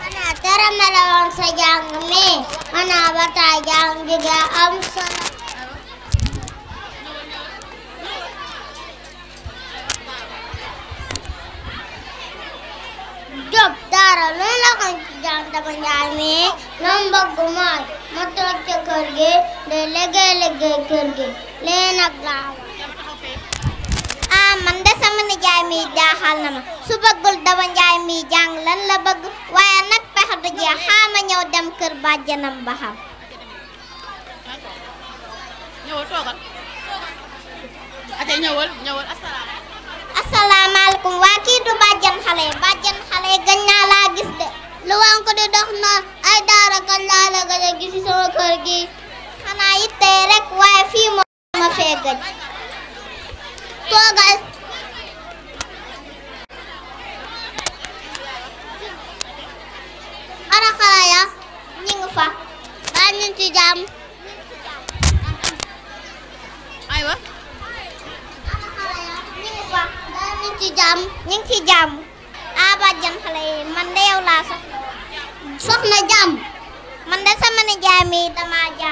xanaa terame la woon sa jàng mi ba taa jàng am solo jóg daara lu la ko jàng dama njaay mi lom bëgg mooy ma toog kër gi de liggéey liggéey kër gi lii nag ah man de sama nijaay mi jaaxal na ma su bëggul daba njaay mi jàng lan la bëgg waaye nag pexe du jeex xaama ñëw dem kër bàjjanam ba xam ñëwal toogal ate ñëwal ñëwal asalaamaaleykum asalaamaaleykum waa kii du bàjjan xale yi bàjjan xale yi gën naa laa gis de lu wan ko di dox naan ay daara kan laa la gën a gis sama kër gi xanaa it tey rek waaye fii moo ma fee gëj toogal ana xale fa ba ñu ci jàmm aywa ci jàmm ñu ngi xale yi man de laa soxna jàmm man sama nijaay mi dama ja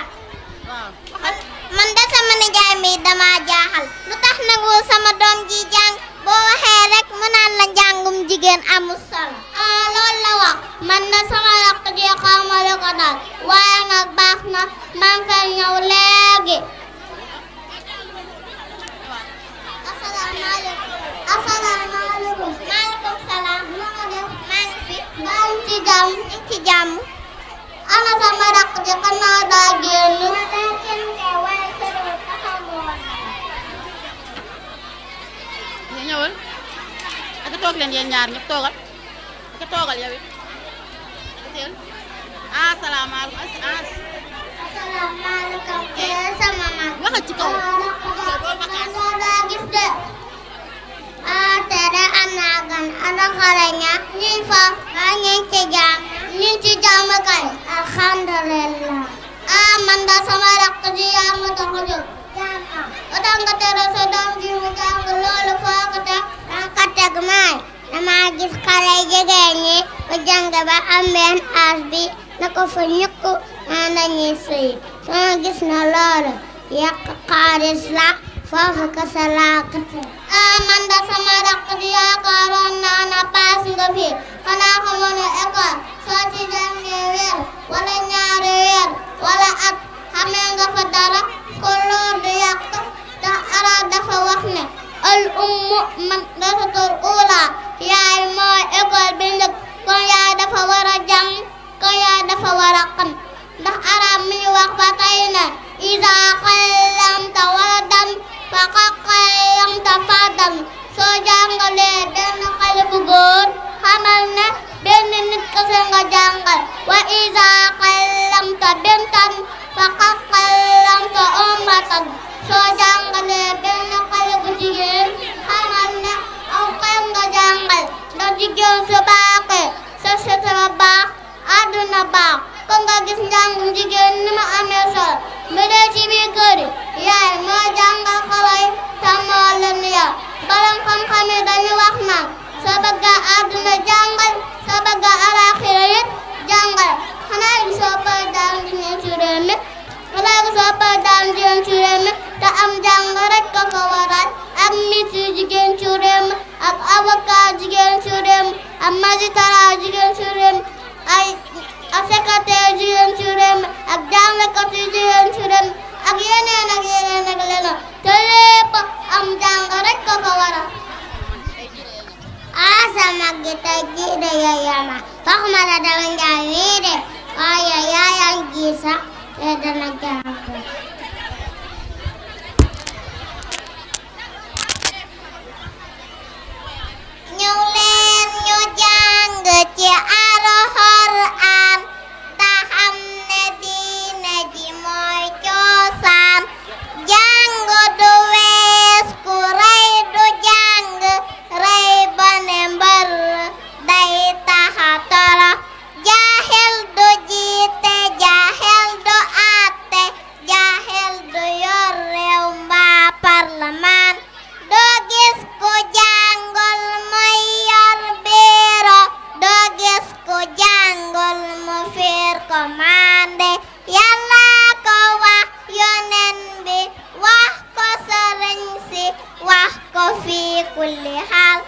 man de sama nijaay mi dama jaaxal lu tax nangul sama doom ji jàng boo waxee rek mu naan la njàngum jigéen amul solo ah loolu la wax man de sama rakk ji xawma lu ko dal waaye nag baax na maa ngi koy ñëw léegi asalaamaaleykum asalaamaaleykum maaleykum salaam maa ngi fi maa ngi ci jàmm ci jàmm ana sama rakk ji xanaa daa génn ñëwal aka toog leen yéen ñaar ñëpp toogal aka toogal yow it aka teel ah, ah. asalaamaaleykum as eh, asalaamaaleykum sama mag waxal ci kaw ah, boo gis de tere am naa gan ana xaraña ñuy fa waa ñuy ci jaam ñu ci jàmm kay alhamdulillah ah man da sama rakk yaa ma tax a jóg ba tax mu jàng loolu foo ko teg daa ko teg maay gis xale jigéen ñi mu ba am benn na ko fa ñëkk naa nañuy sëy sama gis na loolu yàq la foofu kese laa ko ah man de sama rakk bi yaakaaroon naa ne paas nga fi xanaa xamoon ne école soo ci jàngee weer wala ñaari weer wala at xamee nga fa dara kon loolu du yàq ndax arab dafa wax ne al ummu man rasatul ula yaay mooy école bi njëkk kon yaay dafa war a jàng kon yaay dafa war a xam ndax arab mi wax ba tey na isa xallamta wala dam ba xaqayam ta fadam soo jàngalee benn xale bu góor xamal ne benn nit kese nga jàngal wa iza kallamta bintan fa qad kallamta ummatan soo jàngalee benn xale bu jigéen xamal ne aw xeet nga jàngal ndax jigéen su baaxee sa seetara baax àdduna baax kon nga gis njàngum jigéen ni amee solo bu ci biir kër yaay moo jàngal xaway te moo leen yar borom xam-xam yi dañu wax naan soo bëgga àdduna jàngal soo bëgga alaaxira it jàngal xanaa gi soo bëgg daal di ñëw ci am jàng rek ko ko waral ak jigéen ci réew mi jigéen ci réew mi ak jigéen ci ay a jigéen su réew mi ak jàngkatu jigéen su réew mi ak yeneen ak yeneen ak leneen am jàng rek ko ko waral asama gi yayama tax ma la dama njàng wii de waaye yaayam ji sax ñu leen ñu jàng ci alxuraan ta xam ne diine ji mooy coosaan jàng du wees ku rey du jàng rey ba ne mbër day taxa toro jaahil du jiite ja commandé yàlla ko wax yonen bi wax ko sëriñ si wax ko fi kulli xaal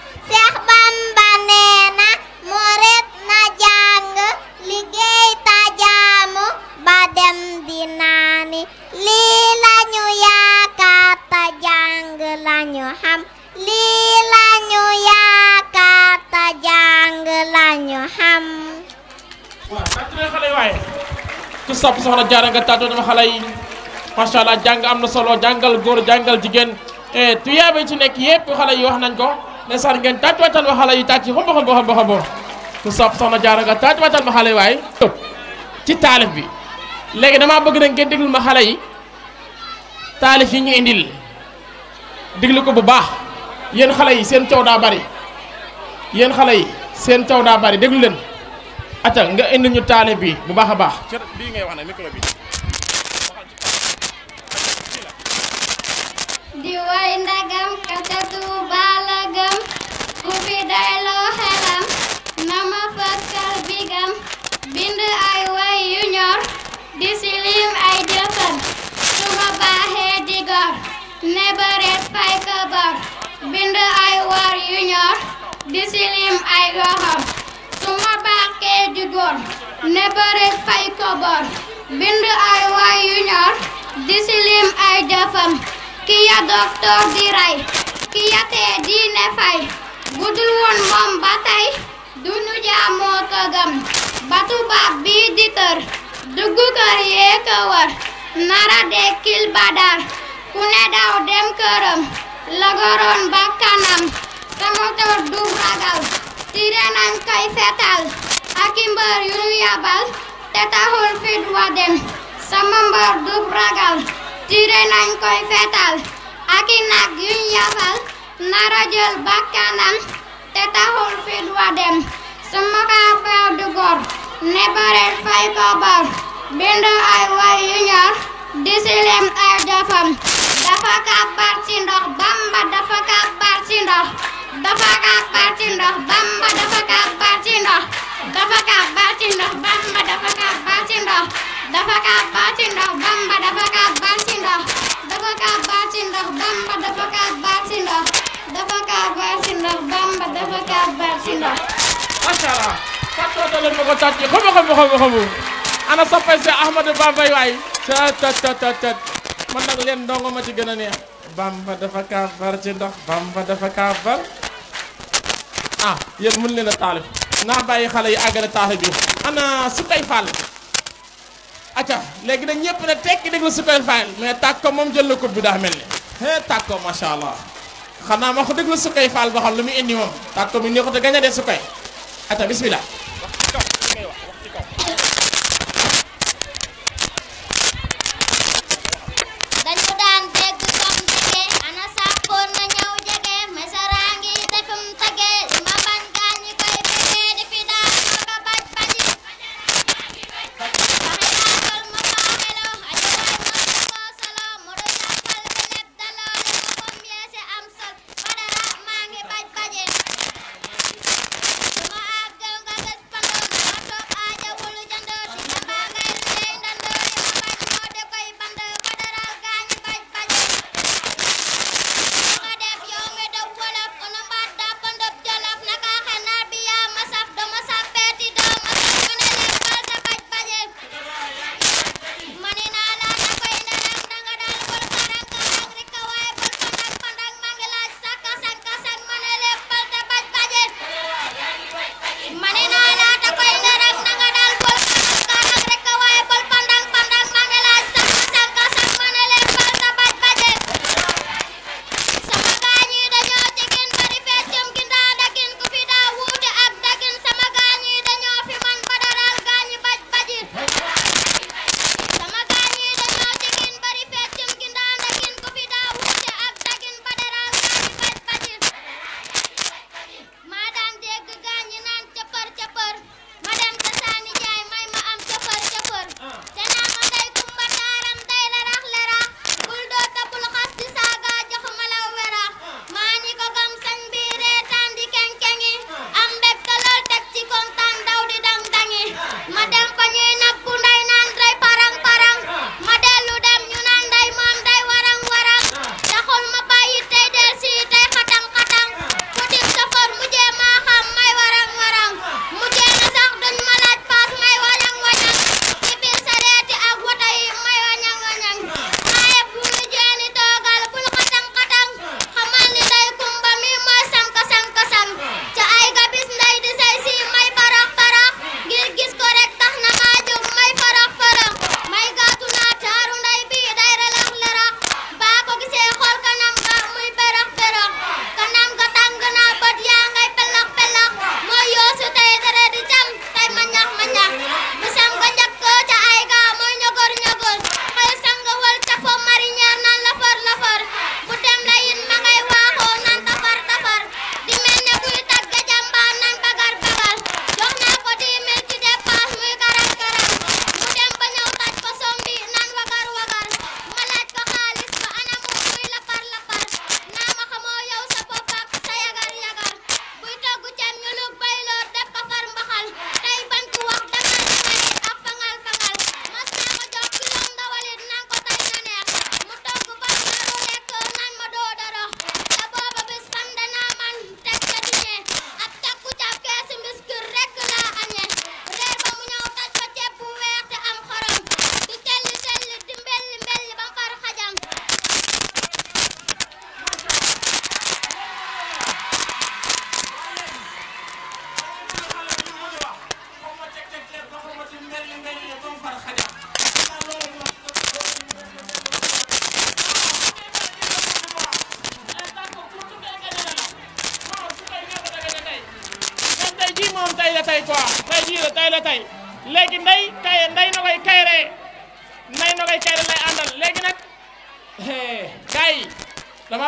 sàpp soxna jaara nga tàggoo dama xale yi macha allah jàng am na solo jàngal góor jàngal jigéen eh, tuyaaba ci nekk yëpp xale yi wax nañ ko ne sar ngeen tàccuwaatal ma xale yi tàcc xombo xombo xombo xombo su sàpp soxna jaara nga tàccuwaatal ma xale yi waaye ci taalif bi léegi damaa bëgg nag ngeen déglu ma xale yi taalif yi ñu indil déglu ko bu baax yéen xale yi seen caw daa bari yéen xale yi seen coow daa bari dégluleen acca nga indi ñu taale bi bu baax a baax bii ngay wax na micro bi di way ndagam katatu balagam ku fi dayloo xelam nama fakkal bigam bind ay way yu ñor di silim ay jëfam su ma baaxee di gor ne bareet fay bind ay war yu ñor di silim ay goxam su ma bànkee jugoon ne bëri fay ko bind ay way di silim ay jëfam ki ya doktoor di rey ki ya tee diine fay bu dul woon moom ba tey du ñu jaamoo këgam ba tubaab bii di tër dugg kër yee ko wër nara dekkil badar ku ne daw dem këram la ba kanam sama tër du ragal di reenam koy feetal ak i mbër yu ñu yabal te taxul fit wa dem sama mbër du ragal tiré nañ koy feetal ak i nag yuñ yabal nara jël bakkanam te taxul fit wa dem sama kaafew du gor ne bareet fay ko bor bind ay way yu ñor di silem ay jafam dafa kàbbar ci ndox bamba dafa kàbbar ci ndox dafa kàbbar ci ndox bamba dafa kàbbar ci ndox dafa kàbbar ci ndox bamba dafa kàbbar ci ndox dafa kàbbar ci ndox bamba dafa kàbbar ci ndox dafa kàbbar ci ndox bamba dafa kàbbar ci ndox dafa kàbbar ci ndox bamba dafa kàbbar ci ndox macha allah fàttoo leen ma ko tàcc xamu xamu xamu xamu ana soppay si Ahmadou Bamba waay tat tat tat man nag leen ndongo ma ci gën a neex bamba dafa kaabar ci ndox bamba dafa kaabar ah yéen mën leen a taalif naa bàyyi xale yi àggale taalif bi ana su koy fàll acca léegi nag ñëpp ne tekki déglu su koy fàll mais tàkko moom jël na coupe bi daa mel ni hee tàkko masha allah xanaa ma ko déglu su koy fàll ba xam lu mu indi moom tàkko mi nii ko te gaña de su koy acca bismillah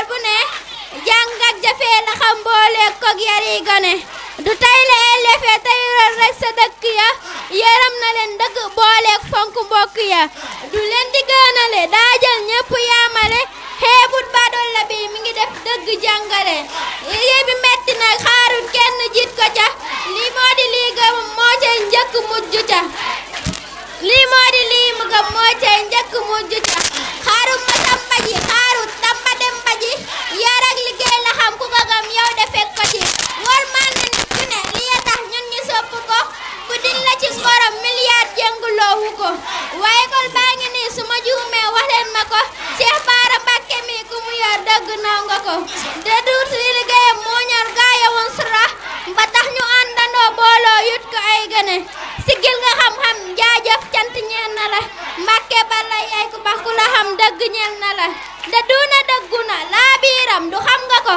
jaar bu ne jàng ak jafee la xam booleeg koog yari gone du tey la elefe tey rek sa dëkk ya yaram na leen dëgg booleeg fonk mbokk ya du leen di gënale daa jël ñépp yaamale xeebut badol la bi mi ngi def dëgg jàngale liggéey bi metti na xaarut kenn jiit ko ca lii moo di lii gëm moo cay njëkk mujj ca lii moo di lii mu gëm moo cay njëkk mujj ca xaarut ma sàmba ji xaarut ko ci wormaal na nit ku ne li ya tax ñun ñu sopp ko ku din la ci xorom milliard jënguloowu ko waaye kon baa ngi nii su ma juumee wax leen ma ko Cheikh Bara Mbacké mi ku mu yor dëgg naw nga ko te duut li liggéeyam moo ñor gaaya woon sura ba tax ñu àndandoo booloo yut ko ay gëne sigil nga xam-xam jaajëf cant ñeel na la Mbacké bala yaay ku bax ku la xam dëgg ñeel na la da duuna dëggu na laa biiram du xam nga ko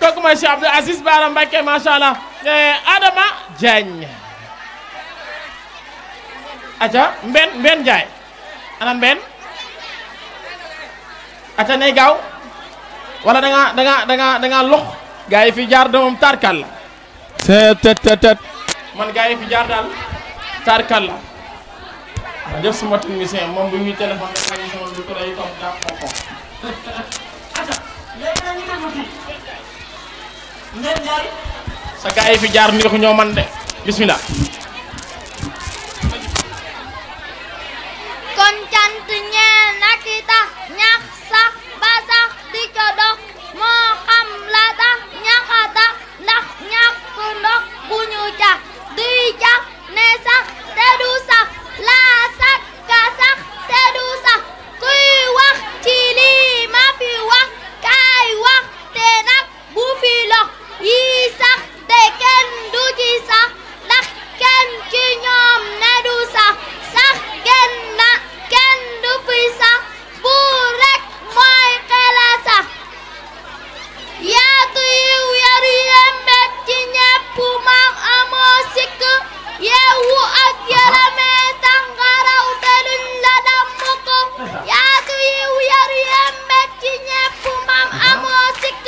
kooku mooy Cheikh Abdou Aziz Bara Mbacké macha allah eh, Adama Diagne. aca Mbène Mbène Ndiaye ana Mbène aca nay gaaw walla da ngaa da ngaa da lox. gaa yi fi jaar doomam tarkal la. tet tet man gaa yi fi jaar daal tarkal la. ma def sama technicien moom bu ñuy téléphone rek ma ñu sama lu ko day toog daa ko ngeen sa gaa fi jaar neexu ñoo man de bismillah kon cant ñeel na ki ñax sax ba sax di ca moo xam la tax ñaxa ndax ñàkk ndox bu ñu cax duy cax ne sax te du sax laa sax ka sax te du sax kuy wax ci lii ma fi wax kaay wax te nag bu fi lox yii sax te kenn du ci sax ndax kenn ci ñoom ne du sax sax kenn na kenn du fi sax buur rek mooy xela sax yaatu yiw yaru yembet ci ñepp maam amoo sikk yeewu ak yërëme tàngaraw te luñ la damm ko yaatu yiw yaru yembet ci ñepp mam amoo sikk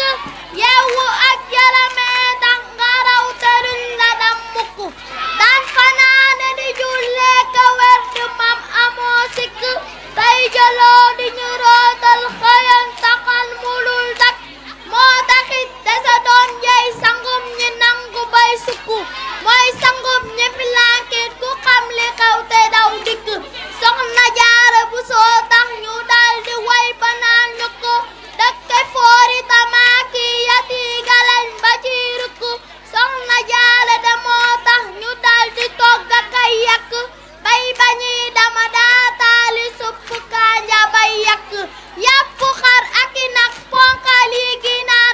yeewu ak yërëme tàngaraw te luñ la damm ko daan fanaane di jullee ka werd mam amoo sikk tey jëloo di ñu rootal xëyan taxal mulul dak moo te sa doon yey sangum ñi nangu bay sukku mooy sangum ñi fi laakiit ku xam li xew te daw dikk soxna jaara bu soo tax ñu dal di way ba naan ñu ko dëkke foori tamaaki yati galañ ba ci rukk soxna jaara de moo tax ñu dal di togg ak ay yàkk bay bañi dama daa taali supp kanja bay yàkk yàppu xar ak i nag ponkal yi ginaar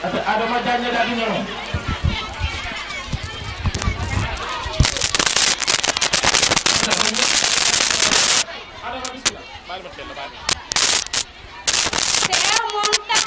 Adama Diagne daal di ñëw Adama bismillah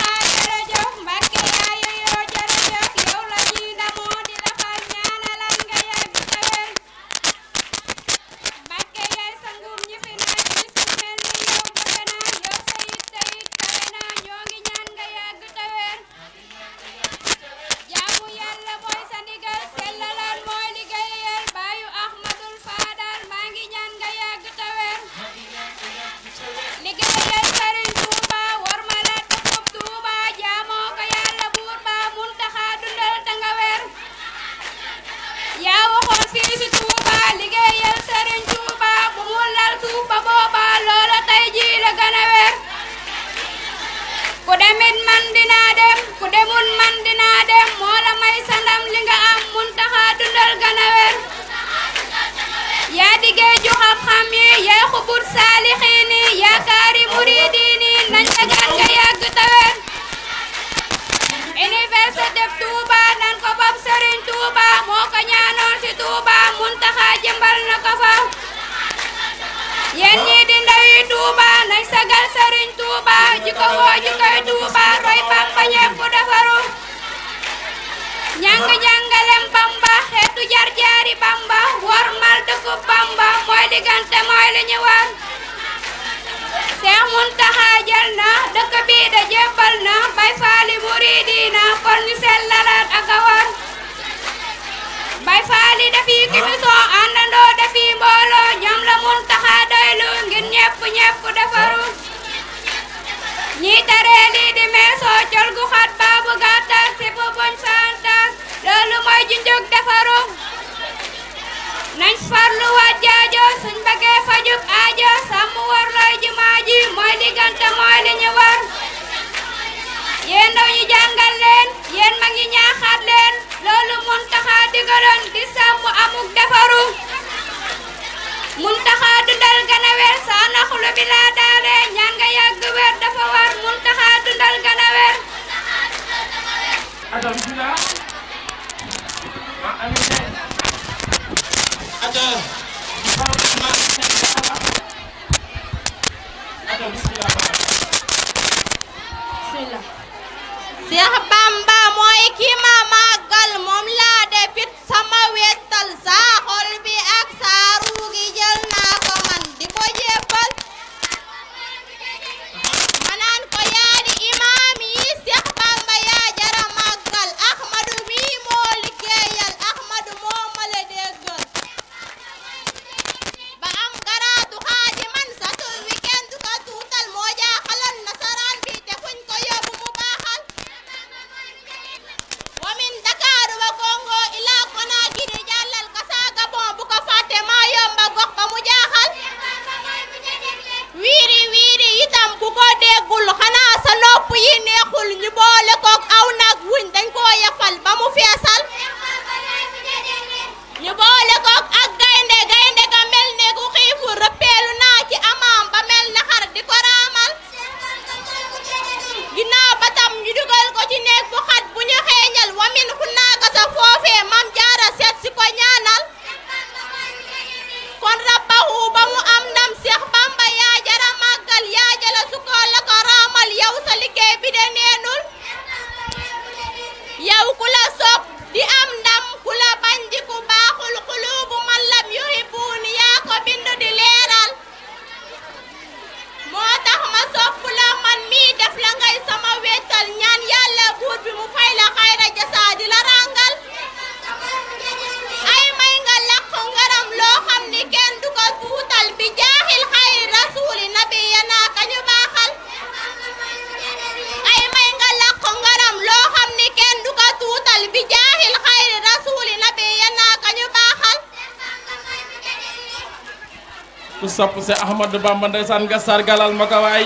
Ahmadu Bamba ndeysaan nga sargalal ma ko waay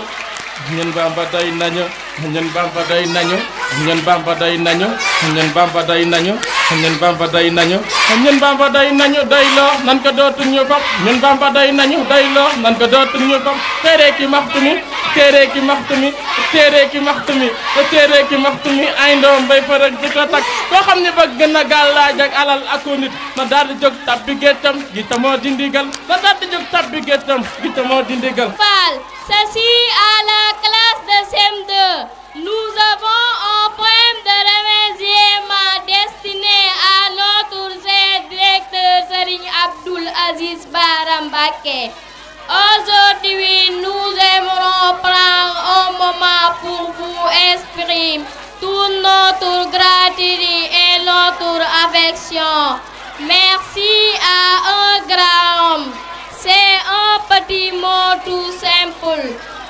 ñun Bamba doy nañu ñun Bamba doy nañu ñun Bamba doy nañu ñun Bamba doy nañu ñun Bamba doy nañu ñun Bamba doy nañu doy loo nan ko dootuñ ñu fab ñun Bamba doy nañu doy loo nan ko dootuñ ñu fab téere ki maxtu mi téere ki maxtu mi téere ki maxtu mi téere ki maxtu mi ay ndoom bay fërëg di ko takk koo xam ne bëgg na gàllaaj ak alal ak nit na daal di jog tab bi gi tamoo di ndigal na daal di jóg tab bi géttam gi tamoo di ndigal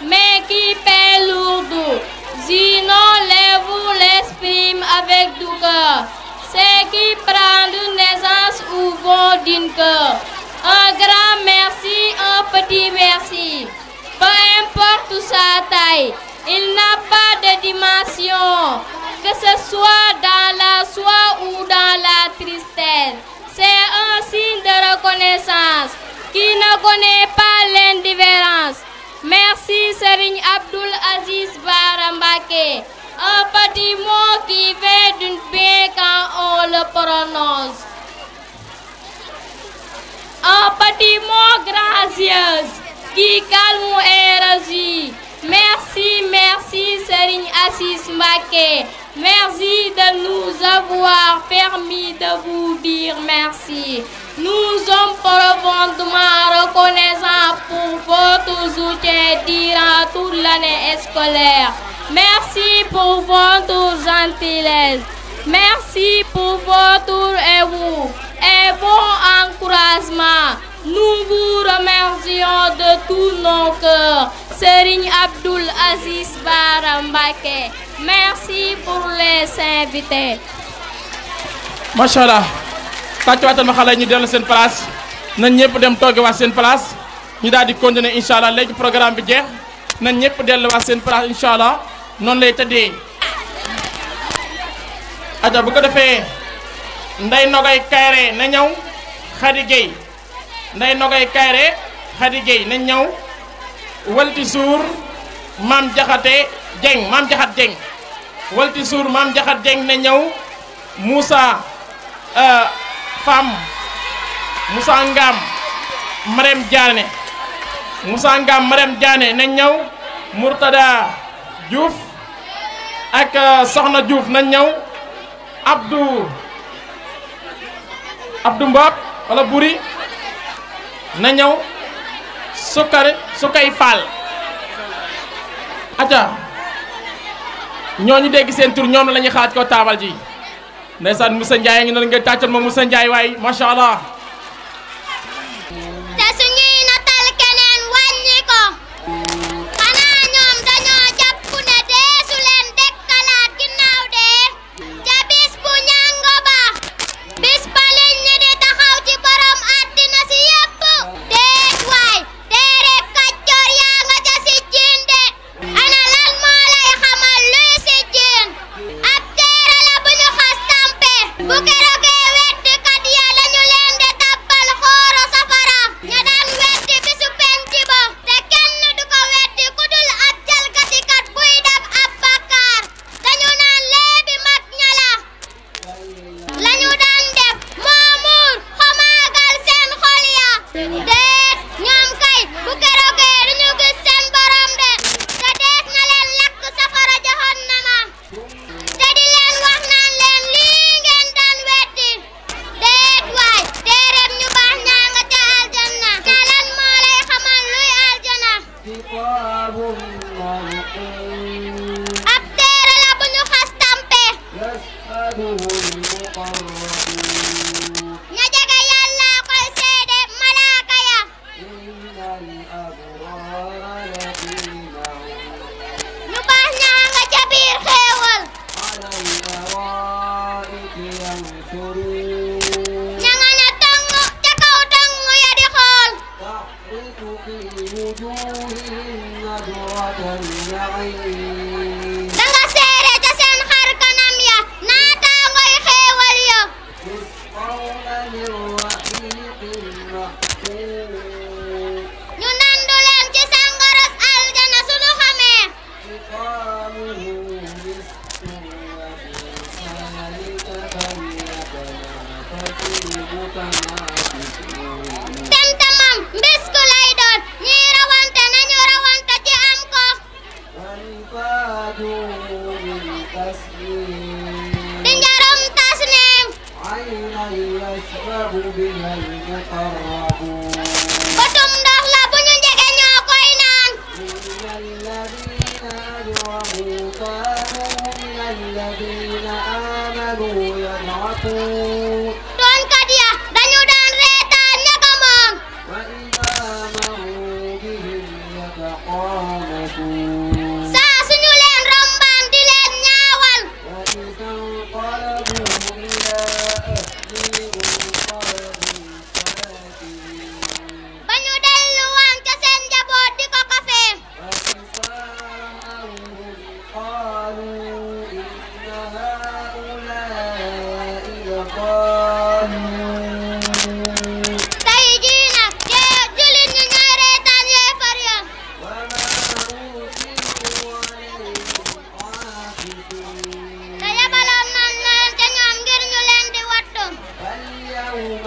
mais qui paie lourd. Sinon, les vous avec du cœur. qui prennent naissance ou vont d'une cœur. Un grand merci, un petit merci. Peu importe sa taille, il n'a pas de dimension, que ce soit dans la soie ou dans la tristesse. C'est un signe de reconnaissance qui ne connaît pas l'indifférence. Merci Serigne Abdul Aziz Barambake. Un petit mot qui fait d'une paix on le prononce. Un petit mot gracieux qui calme et réjouit. Merci, merci Serigne Merci de nous avoir permis de vous dire merci. Nous sommes profondément reconnaissants pour votre soutien durant toute l'année scolaire. Merci pour votre gentillesse. Merci pour votre amour et vos encouragements. Nous vous remercions de tous nos cœurs. Serigne Abdoul Aziz merci pour les invités. allah. tàccuwaatal ma xale ñu dellu seen place na ñëpp dem toogewaat seen place ñu daal di continuer incha allah léegi programme bi jeex nañ ñëpp delluwaat seen place incha allah noonu lay tëddee. aja bu ko defee nday nogay kayre na ñaw xadi géey nday nogay kayre xadi géey na ñaw walti suur maam jaxate Dieng maam Jaxat Dieng walti suur maam Jaxat Dieng ne ñëw Moussa euh, Fam Moussa Ngam Marème Diané Moussa Ngam Marème Diané nañ ñëw Mourtada Diouf ak euh, Soxna Diouf nañ ñëw Abdou Abdou Mbab wala Buri na ñëw Sukar Sukay Fall aca ñooñu dégg seen tur ñoom la ñuy xaaj ko taabal ji ndeysaan Moussa Ndiaye ngi noonu nga tàccal ma Moussa Ndiaye waay macha allah.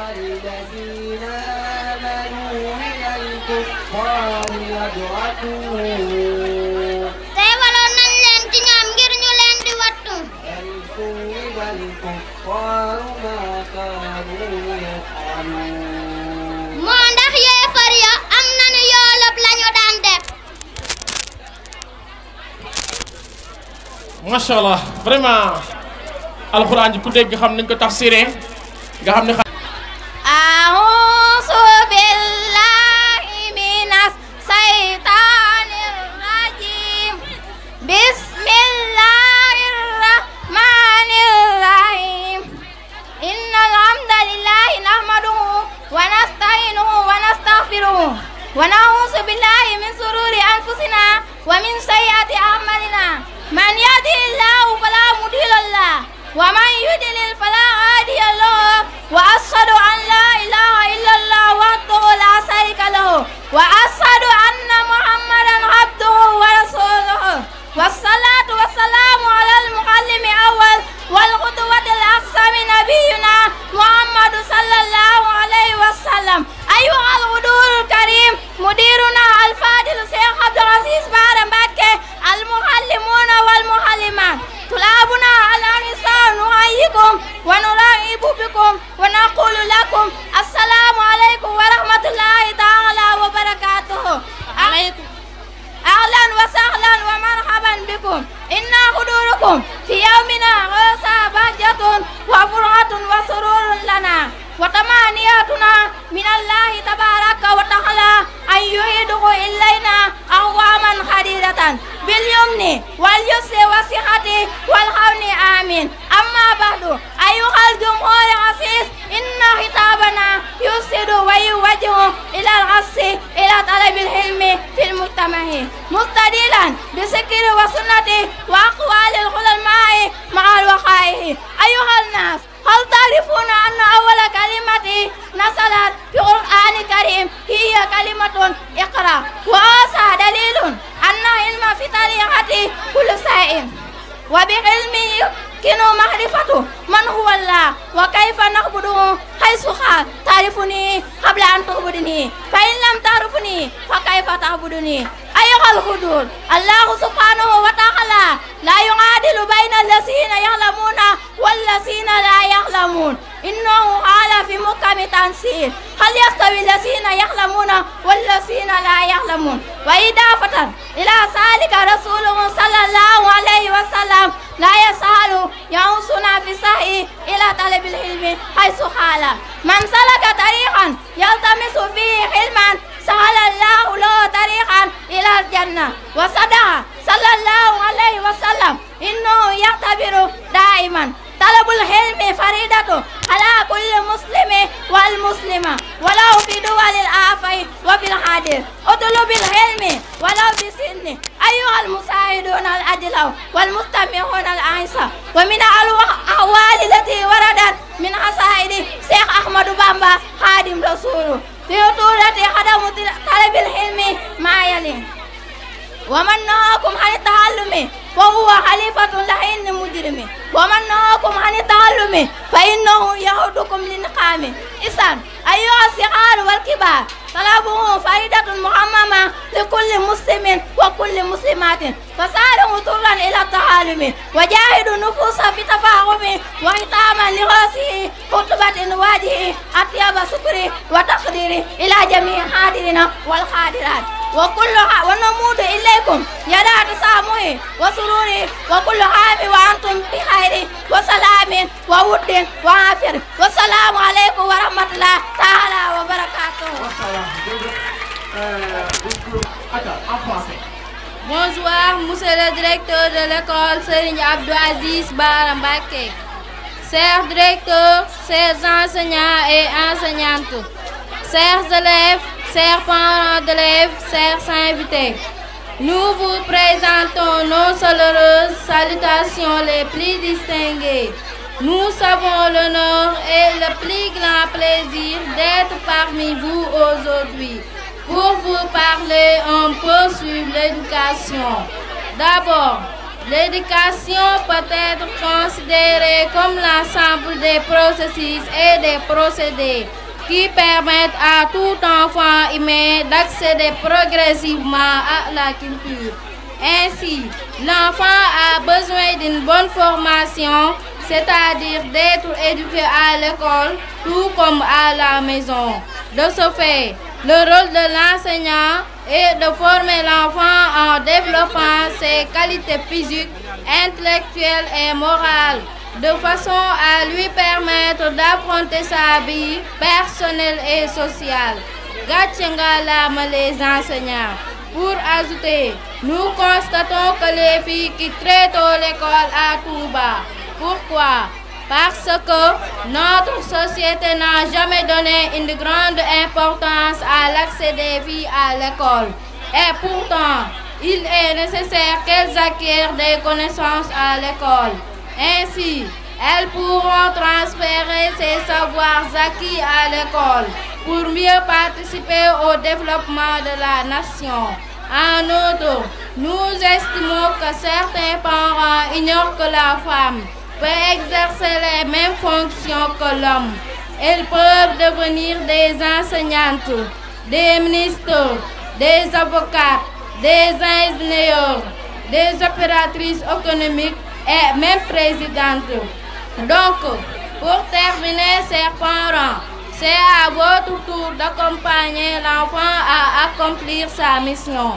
الذين tey waloon nañ leen ci ñoom ngir ñu leen di wattu أن ثوب الكفار ما كانوا يفعلون moo ndax yéefar ya lañu daan def vraiment alxuraan ji لا يعلمون وإضافة إلى ذلك رسوله صلى الله عليه وسلم لا يسهل يعوصنا في سعي إلى طلب العلم حيث حال من سلك طريقا يلتمس فيه علما سهل الله له طريقا إلى الجنة وصدق صلى الله عليه وسلم إنه يعتبر دائما talabul helmi faridatu ala kulli muslimi wal muslima walaw fi duwalil aafay wa fil hadir utlubil helmi walaw bi sinni ayyuhal musaiduna al ajlaw wal mustami'una al aisa wa min al ahwali lati waradat min hasaidi Cheikh Ahmadou Bamba Khadim Rasulu fi turati khadamu talabil helmi ma yali wa man naakum an tahallumi فهو خليفة لحين مجرمه ومن نهاكم عن التعلم فإنه يهدكم لنقامه إذن أيها الصغار والكبار طلبه فائدة معممة لكل مسلم وكل مسلمات فساروا طرا إلى التعلم وجاهدوا النفوس بتفاهم وإطعاما لرأسه خطبة واجهه أطيب شكره وتقديره إلى جميع حاضرنا والحاضرات وكل ونمود إليكم يدا تسامه وسوء وسرور وكل عام وأنتم بخير وسلام وود وعافية والسلام عليكم ورحمة الله تعالى وبركاته. Bonsoir, monsieur le directeur de l'école Serigne Abdou Aziz Barambake. Chers directeurs, chers enseignants et enseignantes, chers élèves, chers parents d'élèves, chers invités. Nous vous présentons nos chaleureuses salutations les plus distinguées. Nous savons l'honneur et le plus grand plaisir d'être parmi vous aujourd'hui pour vous parler un peu sur l'éducation. D'abord, l'éducation peut être considérée comme l'ensemble des processus et des procédés qui permettent à tout enfant humain d'accéder progressivement à la culture. Ainsi, l'enfant a besoin d'une bonne formation, c'est-à-dire d'être éduqué à l'école tout comme à la maison. De ce fait, le rôle de l'enseignant est de former l'enfant en développant ses qualités physiques, intellectuelles et morales. de façon à lui permettre d'affronter sa vie personnelle et sociale. Gatchengala les enseignants. Pour ajouter, nous constatons que les filles qui très tôt l'école à Touba. Pourquoi Parce que notre société n'a jamais donné une grande importance à l'accès des filles à l'école. Et pourtant, il est nécessaire qu'elles acquièrent des connaissances à l'école. Ainsi, elles pourront transférer ces savoirs acquis à l'école pour mieux participer au développement de la nation. En outre, nous estimons que certains parents ignorent que la femme peut exercer les mêmes fonctions que l'homme. Elles peuvent devenir des enseignantes, des ministres, des avocats, des ingénieurs, des opératrices économiques et même présidente. Donc, pour terminer, chers parents, c'est à votre tour d'accompagner l'enfant à accomplir sa mission.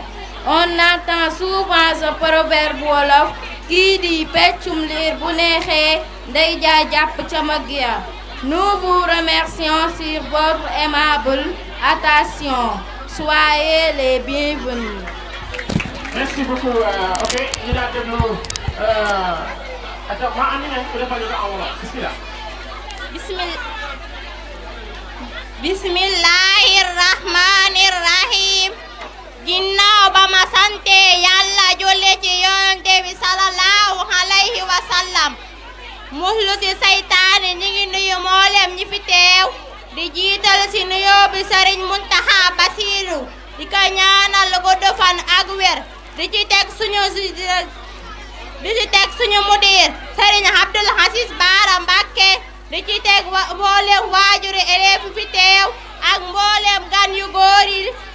On entend souvent ce proverbe wolof qui dit peccum liir bu neexee ndey ja jàpp ca mag ya. Nous vous sur votre aimable attention. Soyez les bienvenus. aca a ginnaaw ba ma sante yàlla jolle ci yonente bi sallallahu alayhi muslu ci saytaane ñi ngi nuyu mboolem ñi fi teew di jiital ci nuyoo bi sëriñ Muntaxa Basiru di ko ñaanal gudd fan ak wér di ci teg suñu di ci teg suñu mudir Serigne Abdoul Aziz Bara Mbacké di ci teg mboolem waajuri élève fi teew ak mboolem gan yu góor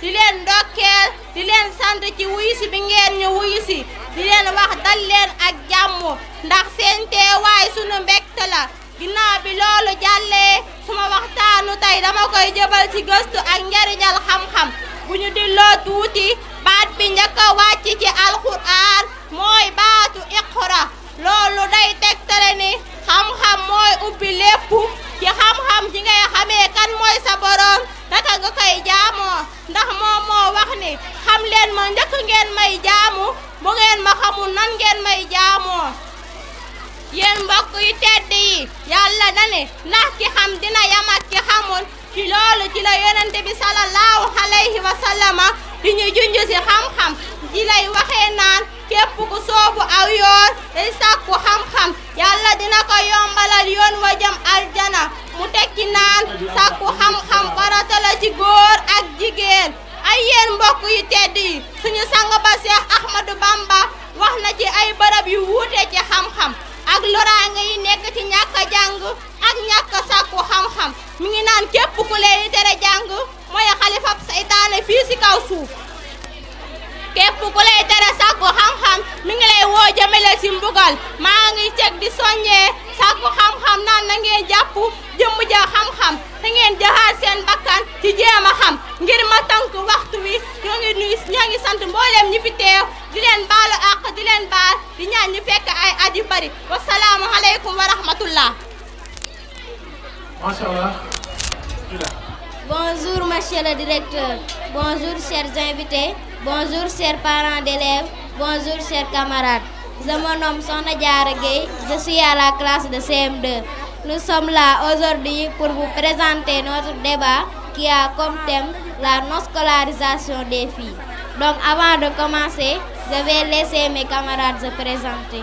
di leen ndokkeel di leen sant ci wuyusi bi ngeen ñu wuyusi di leen wax dal leen ak jàmm ndax seen teewaay sunu mbégte la ginnaaw bi loolu jàllee suma waxtaanu tey dama koy jëbal ci gëstu ak njariñal xam-xam bu ñu dilloo tuuti baat bi njëkk wàcc ci alxuraan mooy baatu iqra loolu day tegtale ni xam-xam mooy ubbi lépp ci xam-xam ji ngay xamee kan mooy sa boroom naka nga jaamoo ndax moom moo wax ni xam leen ma njëkk ngeen may jaamu bu ngeen ma xamul nan ngeen may jaamoo yéen mbokk yu tedd yi yàlla na ne ndax ki xam dina yam ak xamul ci loolu ci la yonente bi sallallahu di ñu junj si xam-xam ji lay waxee naan képp ku soobu aw yoon day xam-xam yàlla dina ko yombalal yoon wa jëm aljana mu tekki naan sàkku xam-xam farata la ci góor ak jigéen ay yéen mbokk yu tedd yi suñu sang ba Seex Ahmadu Bamba wax na ci ay barab yu wuute ci xam-xam ak loraange yi nekk ci ñàkk a jàng ak ñàkk a xam-xam mi ngi naan képp tere jàng mooy xalifab seytaane fii si suuf képp tere sàkku xam-xam mi ngi woo jëmale si maa ngi ceg di soññee sàkku xam-xam naan na ngeen jëmm ja xam-xam te ngeen jaxaat seen bakkan ci jéem a xam ngir ma tënk waxtu wi ñoo ngi sant mbooleem ñi fi teew di leen baalu àq di leen baal di ñaan ñu fekk ay at bari wasalaamu aleykum wa Machallah. Bonjour, monsieur le directeur. Bonjour, chers invités. Bonjour, chers parents d'élèves. Bonjour, chers camarades. Je me nomme Sona Diaragay. Je suis à la classe de CM2. Nous sommes là aujourd'hui pour vous présenter notre débat qui a comme thème la non des filles. Donc avant de commencer, je vais laisser mes camarades se présenter.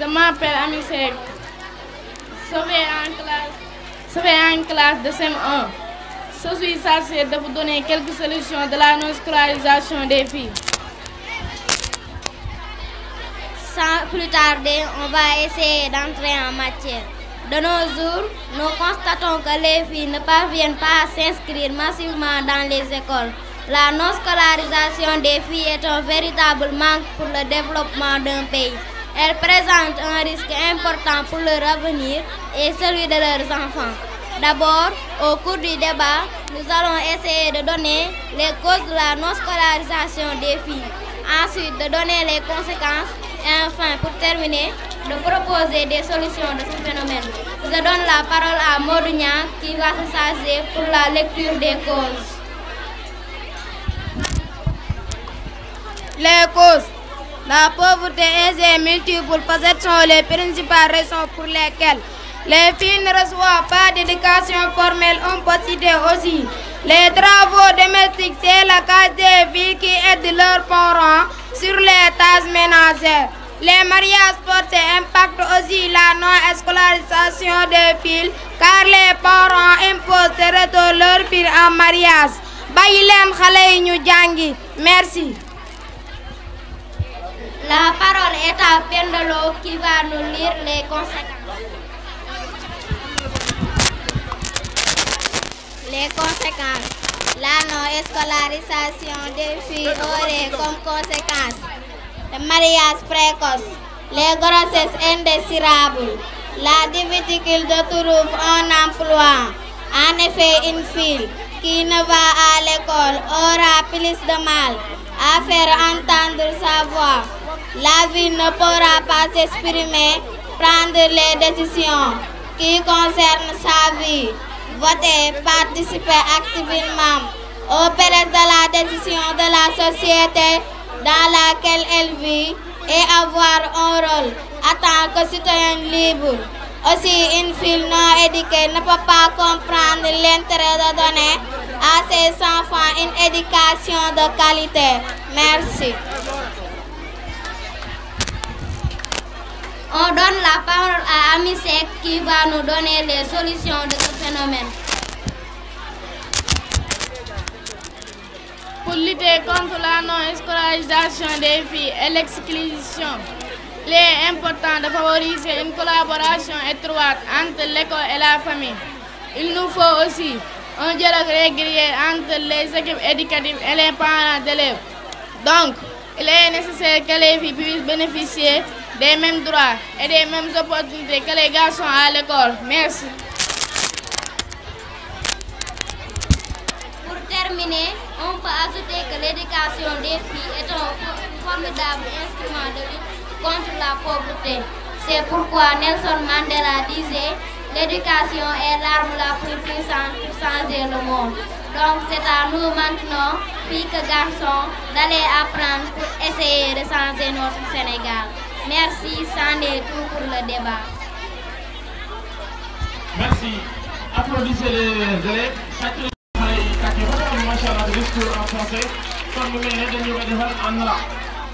Je m'appelle de cm de la non des filles. Sans plus tarder, on va essayer d'entrer en matière. De nos jours, nous constatons que les filles ne parviennent pas à s'inscrire massivement dans les écoles. La non-scolarisation des filles est un véritable manque pour le développement d'un pays. Elle présente un risque important pour leur avenir et celui de leurs enfants. D'abord, au cours du débat, nous allons essayer de donner les causes de la non des filles, ensuite de donner les conséquences et enfin, pour terminer, de proposer des solutions de ce phénomène. Je donne la parole à Modou qui va se charger pour la lecture des causes La pauvreté et ses multiples facettes sont les principales raisons pour lesquelles les filles ne reçoivent pas d'éducation formelle. On peut citer aussi les travaux domestiques, c'est la case des filles qui aident leurs parents sur les tâches ménagères. Les mariages forcés impactent aussi la non-scolarisation des filles car les parents imposent de retour leurs en mariage. Bàyyi leen xale Merci. La parole est à qui va nous lire les conséquences. La non-scolarisation des filles aurait comme conséquence le mariage précoce, les grossesses indésirables, la difficulté de trouver un emploi. En effet, une fille qui ne va à l'école aura plus de mal à faire entendre sa voix. La vie ne pourra pas s'exprimer, prendre les décisions qui concernent sa vie, voter, participer activement aux périodes de la décision de la société dans laquelle elle vit et avoir un rôle en tant que citoyen libre. Aussi, une fille non éduquée ne peut pas comprendre l'intérêt de donner à ses enfants une éducation de qualité. Merci. On donne la parole à Amisek qui va nous donner les solutions de ce phénomène. Il est important de favoriser une collaboration étroite entre l'école et la famille. Il nous faut aussi un dialogue régulier entre les équipes éducatives et les parents d'élèves. Donc, il est nécessaire que les filles puissent bénéficier des mêmes droits et des mêmes opportunités que les garçons à l'école. Merci. contre la pauvreté. C'est pourquoi Nelson Mandela disait l'éducation est l'arme la plus puissante pour changer le monde. Donc c'est à nous maintenant, filles que garçons, apprendre pour essayer de changer notre Sénégal. Merci, Sandé tout pour le débat.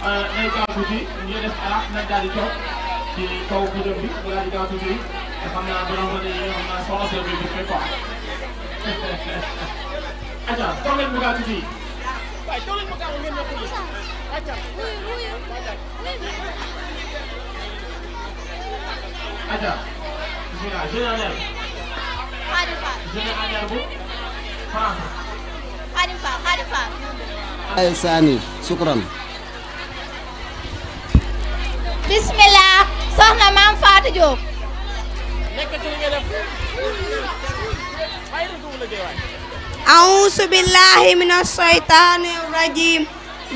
Euh, nay gaaw tuuti ñu def araf nañ daal di toog ci kaw guddo bi mu daal di gaaw tuuti te xam naa borom rajo yi xam naa soxla sa biir bi fekk quoi. aca toog leen mu gaaw tuuti. waaye toog leen mu gaaw ngeen nekk nii aca. aca. bismillah général. Xaadim Fall. général bu France. Xaadim Fall Xaadim Fall. ay Sani Sukran. bismillah soxna maam Fatou Diop. nekk ci li nga def. أعوذ بالله من الشيطان الرجيم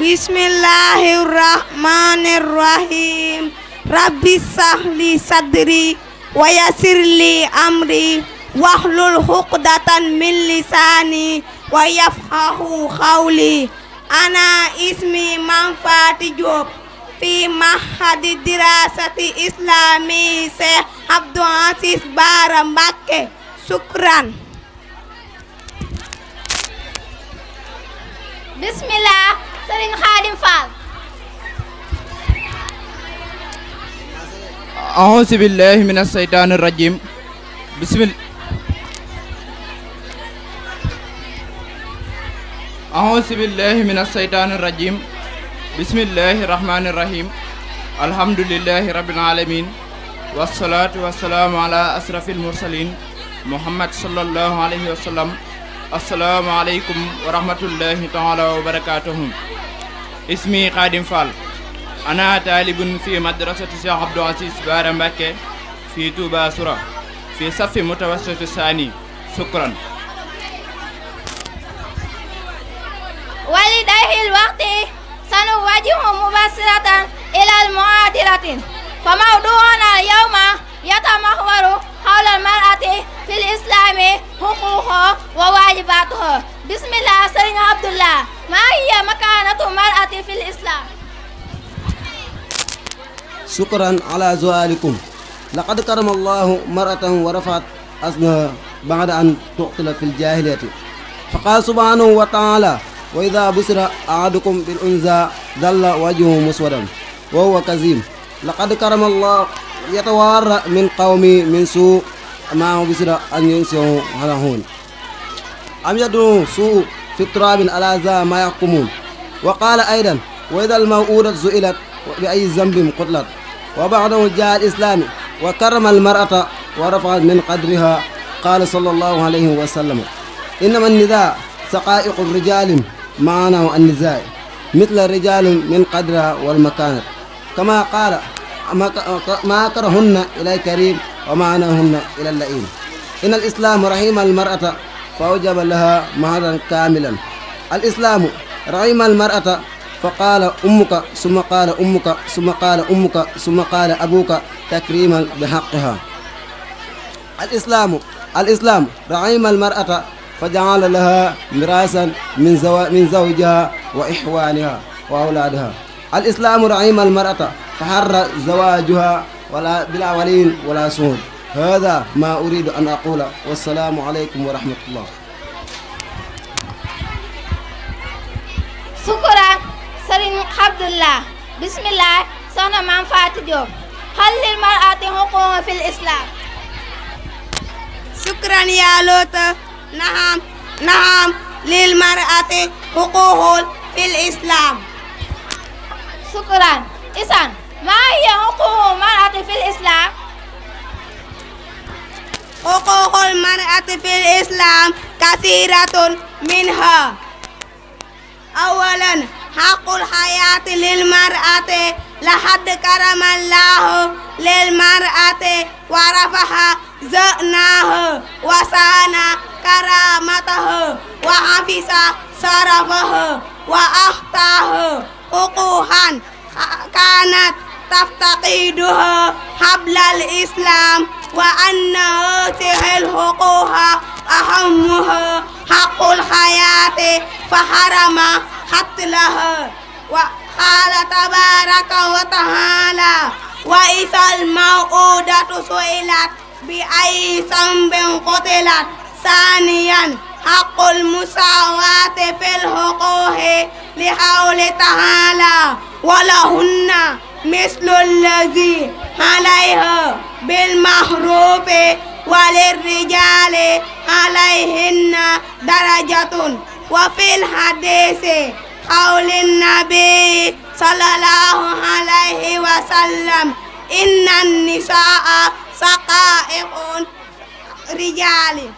بسم الله الرحمن الرحيم رب اشرح لي صدري ويسر لي أمري واحلل عقدة من لساني ويفقه قولي أنا اسمي منفعت جوب في معهد دراسة إسلامي شيخ عبد العزيز بار مكة شكرا بسم الله سرين خادم فال أعوذ بالله من الشيطان الرجيم بسم الله أعوذ بالله من الشيطان الرجيم bismillahi rahmaani rahim alhamdulillahi rabbil alamin wasalaatu wasalaamu ala asrafil mursalin muhammad sallallahu alayhi wa sallam assalaamu aleykum wa rahmatullahi taala wa barakatuhu ismi xaadim fall ana taalibun fi madrasati cheikh abdou asis baara mbàkke fi touba sura fi safi mutawassiti saani sukran walidayhil waxti سنوجههم مبصرة إلى المعادلة فموضوعنا اليوم يتمحور حول المرأة في الإسلام حقوقها وواجباتها بسم الله سيدنا عبد الله ما هي مكانة المرأة في الإسلام شكرا على سؤالكم لقد كرم الله مرأة ورفعت أسنها بعد أن تعطل في الجاهلية فقال سبحانه وتعالى wa ida busira ahadukum bil unza dalla wajhuhu muswadan wa huwa kazim laqad karama allah yatawarra min qawmi min suu ma busira an yunsihu halahun am yadu suu fi turabin ala za ma yahkumun wa qala aidan wa ida al mawudat zuilat bi ay zambin qutlat wa ba'dahu jaa al islami wa karama al mar'ata wa rafa'at min qadriha qala sallallahu alayhi wa sallam innama an-nidaa saqaa'iqu rijalin معناه عن النزاع مثل رجال من قدرها والمكانة كما قال ما كرهن إلى الكريم ومعناهن إلى اللئيم إن الإسلام رحم المرأة فأوجب لها مهرا كاملا الإسلام رحم المرأة فقال أمك ثم قال أمك ثم قال أمك ثم قال أبوك تكريما بحقها الإسلام الإسلام رحم المرأة fa jaala laha mirasan min zaw min zawjiha wa ixwaaniha wa awlaadiha al islaamu raima almarata fa harra zawaajuha wala bila waliyin wala suud hada ma uridu an aqula wassalaamu aleykum wa rahmatullah sukura sëriñ Abdullah bismillah soxna maam Fatou Diop hal lil mar'ati huquuqun fil islam sukran yaa loota نعم نعم للمرأة حقوق في الإسلام شكرا إذن ما هي حقوق المرأة في الإسلام؟ حقوق المرأة في الإسلام كثيرة منها أولا xaqul xayaati lil mar'ati la xadd karamallaahu lil mar'ati wa rafaxa zënaahu wa saana karamatahu wa xafisa sarafahu wa axtaahu uquuxan kaanat تفتقدها حبل الإسلام وأنه تهل حقوقها أهمها حق الحياة فحرم قتلها وقال تبارك وتعالى وإذا الموءودة سئلت بأي ذنب قتلت ثانيا حق المساواة في الحقوق لقول تعالى ولهن مثل الذي عليها بالمحروف وللرجال عليهن درجة وفي الحديث قول النبي صلى الله عليه وسلم إن النساء سقائق رجال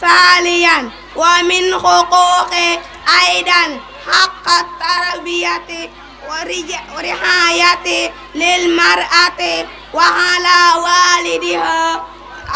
ثانيا ومن حقوق أيضا حق التربية ورعايته للمرأة وعلى والدها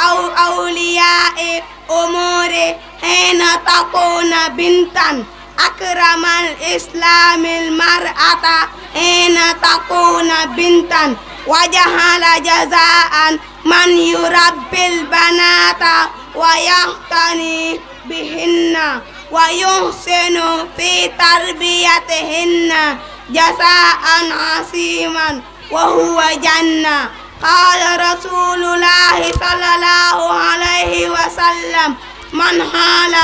أو أولياء أموره حين تكون بنتا أكرم الإسلام المرأة حين تكون بنتا وجعل جزاء من يربي البنات ويعتني بهن ويحسن في تربيتهن جزاء عظيما وهو جنة قال رسول الله صلى الله عليه وسلم من حال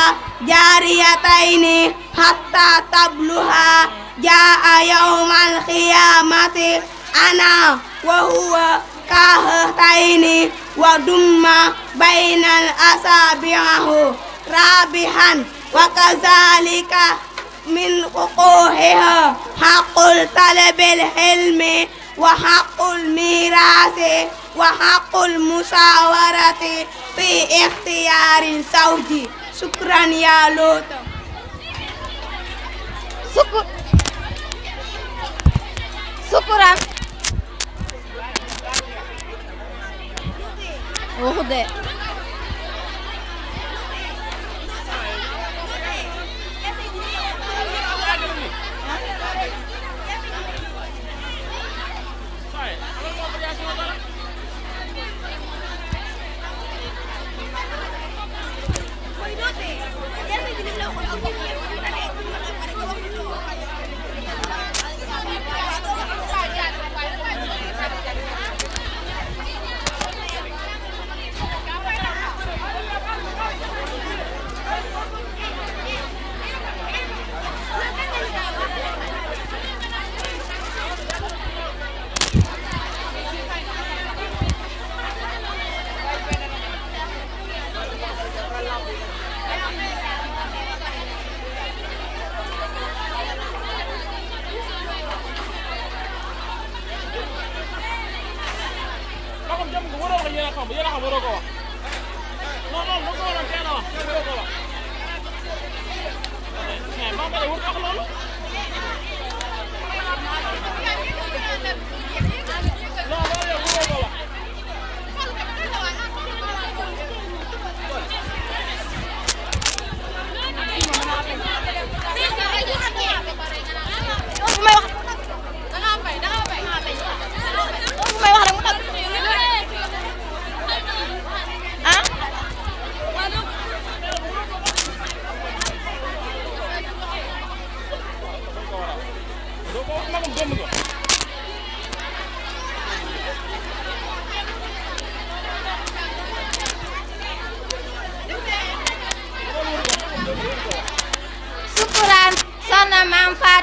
جاريتين حتى تبلها جاء يوم القيامة أنا وهو كهتين ودم بين أصابعه رابحا وكذلك من وقوعها حق طلب الحلم وحق الميراث وحق المشاورة في اختيار الزوج شكرا يا لوط شكرا وخذ Cuidado, ya me tienen la ojo,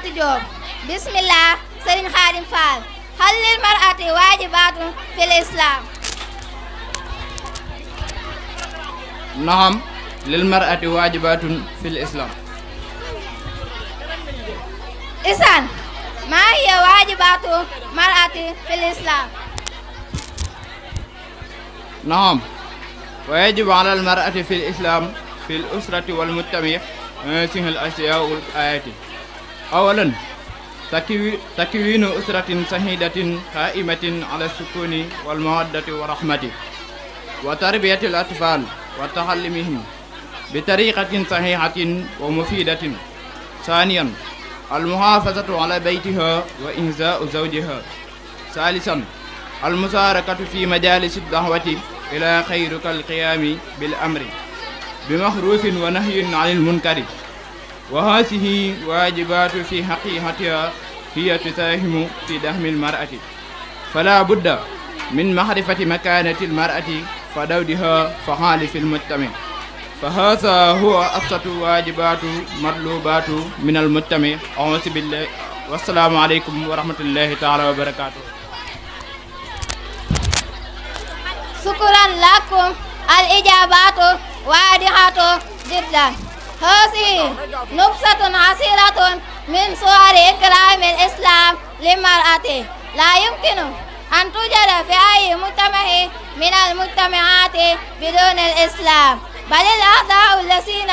Fatou Diop bismillah Serigne Khadim Fall hal lil mar'ati waajibaatun fil islam naam lil mar'ati waajibaatun fil islam isan maa hiya waajibaatu mar'ati fil islam naam ويجب على المرأة في الإسلام في الأسرة والمجتمع من هذه الأشياء والآيات أولا تكوين أسرة سعيدة قائمة على السكون والمودة والرحمة وتربية الأطفال وتعلمهم بطريقة صحيحة ومفيدة ثانيا المحافظة على بيتها وإنزاء زوجها ثالثا المشاركة في مجالس الدعوة إلى خير كالقيام بالأمر بمحروف ونهي عن المنكر وهذه واجبات في حقيقتها هي تساهم في دهم المرأة فلا بد من معرفة مكانة المرأة فدودها فحال في المجتمع فهذا هو أبسط واجبات مطلوبات من المجتمع أعوذ بالله والسلام عليكم ورحمة الله تعالى وبركاته شكرا لكم الإجابات واضحة جدا هذه نبسة عسيرة من صور إكرام الإسلام للمرأة لا يمكن أن توجد في أي مجتمع من المجتمعات بدون الإسلام بل الأعداء الذين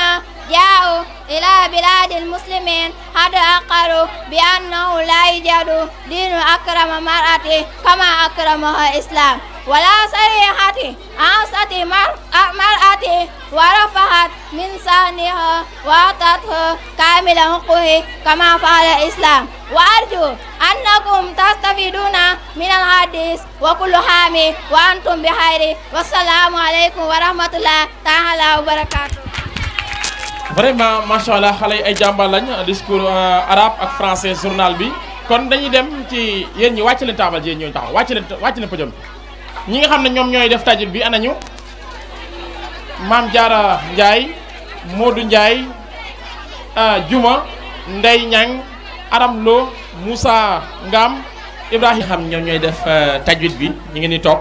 جاءوا إلى بلاد المسلمين قد أقروا بأنه لا يوجد دين أكرم مرأة كما أكرمها الإسلام ولا صريحة عن صد مرأة ورفعت من سانها وأعطته كامل حقه كما فعل الإسلام وأرجو أنكم تستفيدون من الحديث وكل حامي وأنتم بخير والسلام عليكم ورحمة الله تعالى وبركاته vraiment macha allah xale ay jàmbaar lañ discours arabe ak français journal bi kon dañu dem ci yéen ñi wàcc taabal ji yéen ñooñu taxaw wàcc leen ñi nga xam ne ñoom ñooy def tajwid bi anañu maam Jaara Njaay moodu Njaay Juma Ndey Ñang Aram Lo Moussa Ngam Ibrahima xam ñoom ñooy def euh, tajwid bi ñu ngi ni toog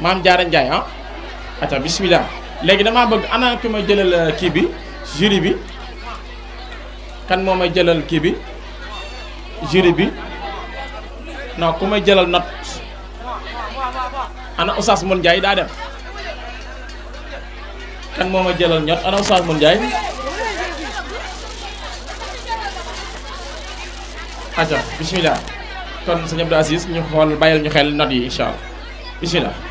maam Jaara Njaay ah ata bismillah léegi damaa bëgg ana ki may jëlal euh, kii bi jury bi kan moom may jëlal kii bi jury bi non ku may jëlal note ana Oustaz Mun Njaay daa dem kan moo ma jëlal ñot ana Oustaz Mun Njaay aja bismillah kon sëñ Abdou Aziz ñu xool bàyyil ñu xel not yi incha bismillah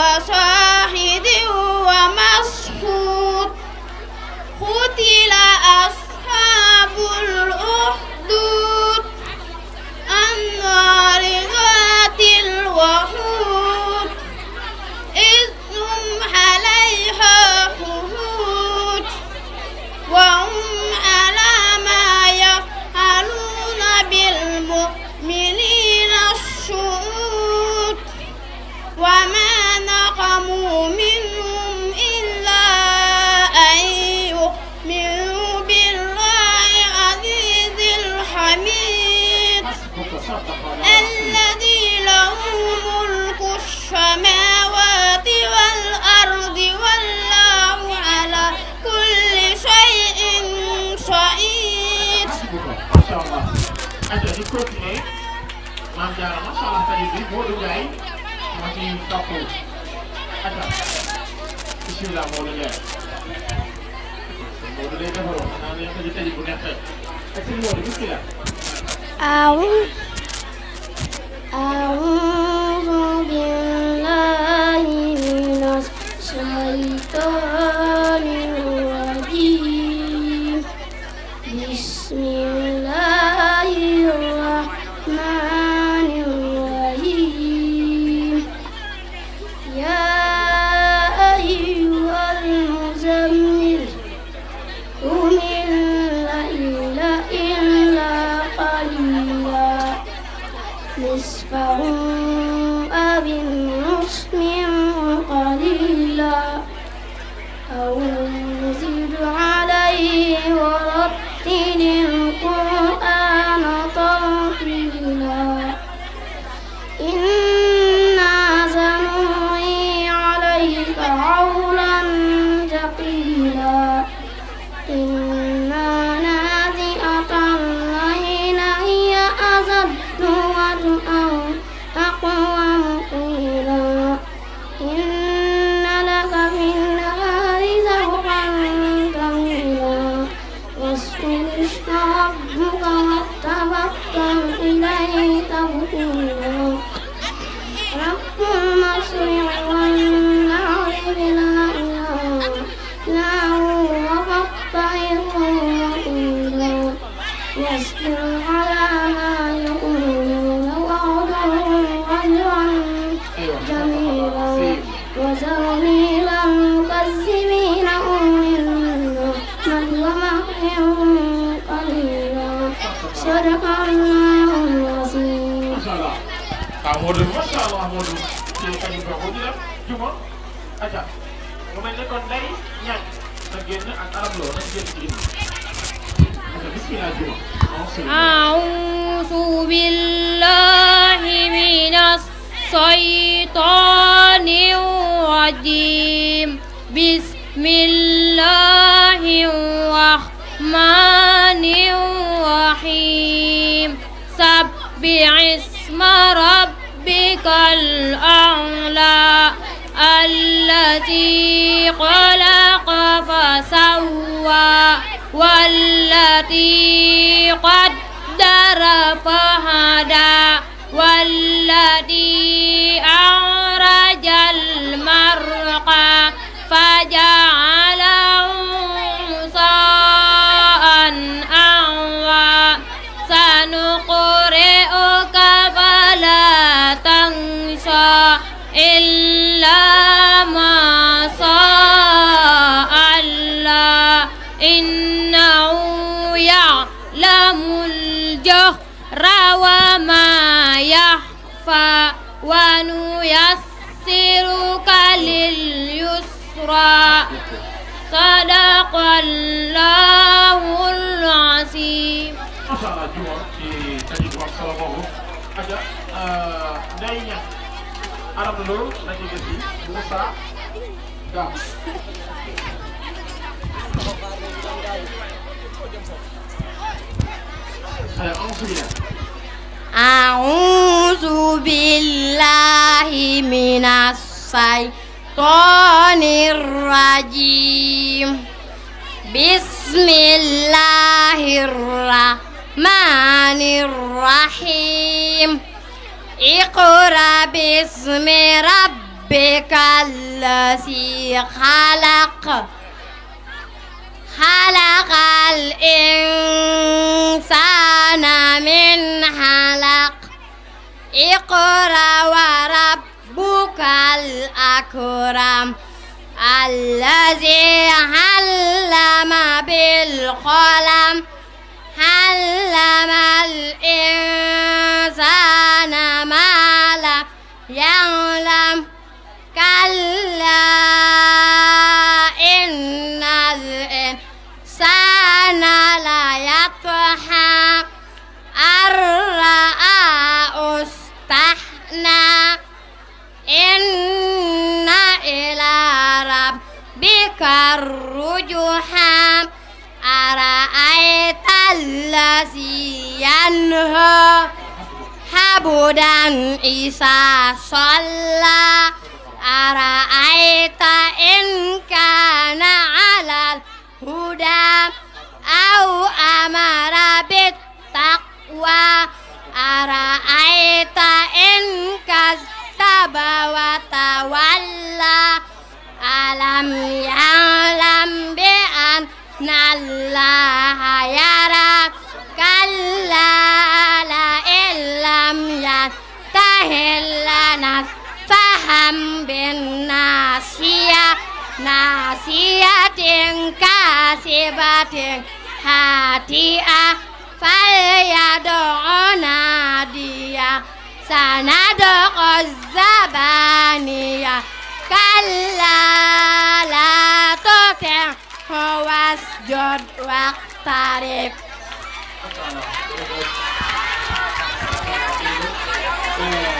وصحبه kàppu attaque bisimilah Maodo Ndiaye Maodo day defaroon xanaa ne ko di tëj bu nekk ak sëñ Maodo bisimilah. أعوذ بالله من الشيطان أعوذ بالله من الشيطان الرجيم بسم الله الرحمن الرحيم سبح اسم ربك الأعلى الذي خلق فسوى والذي قدر فهدى والذي أعرج المرقى فجعل ونيسرك لليسرى صدق الله العظيم Alam dulu, nanti ganti. Musa Dam أعوذ بالله من الشيطان الرجيم بسم الله الرحمن الرحيم اقرأ باسم ربك ربك الذي خلق خلق الإنسان من حلق اقرأ وربك الأكرم الذي علم بالقلم علم الإنسان ما لم يعلم كلا إن الإنسان ليطغى أن رآه استحنى إن إلى ربك الرجحى أرأيت الذي ينهى عبدا إذا صلى أرأيت إن كان على الهدى أو أمر بالتقوى أرأيت إن كذب وتولى ألم يعلم بأن الله يرى كلا لئن لم ينته لنفسه فهم بالناسية ناسية كاسبة هاتئة فليدع نادية سندع الزبانية كلا لا تطعه واسجد واقترب Thank you.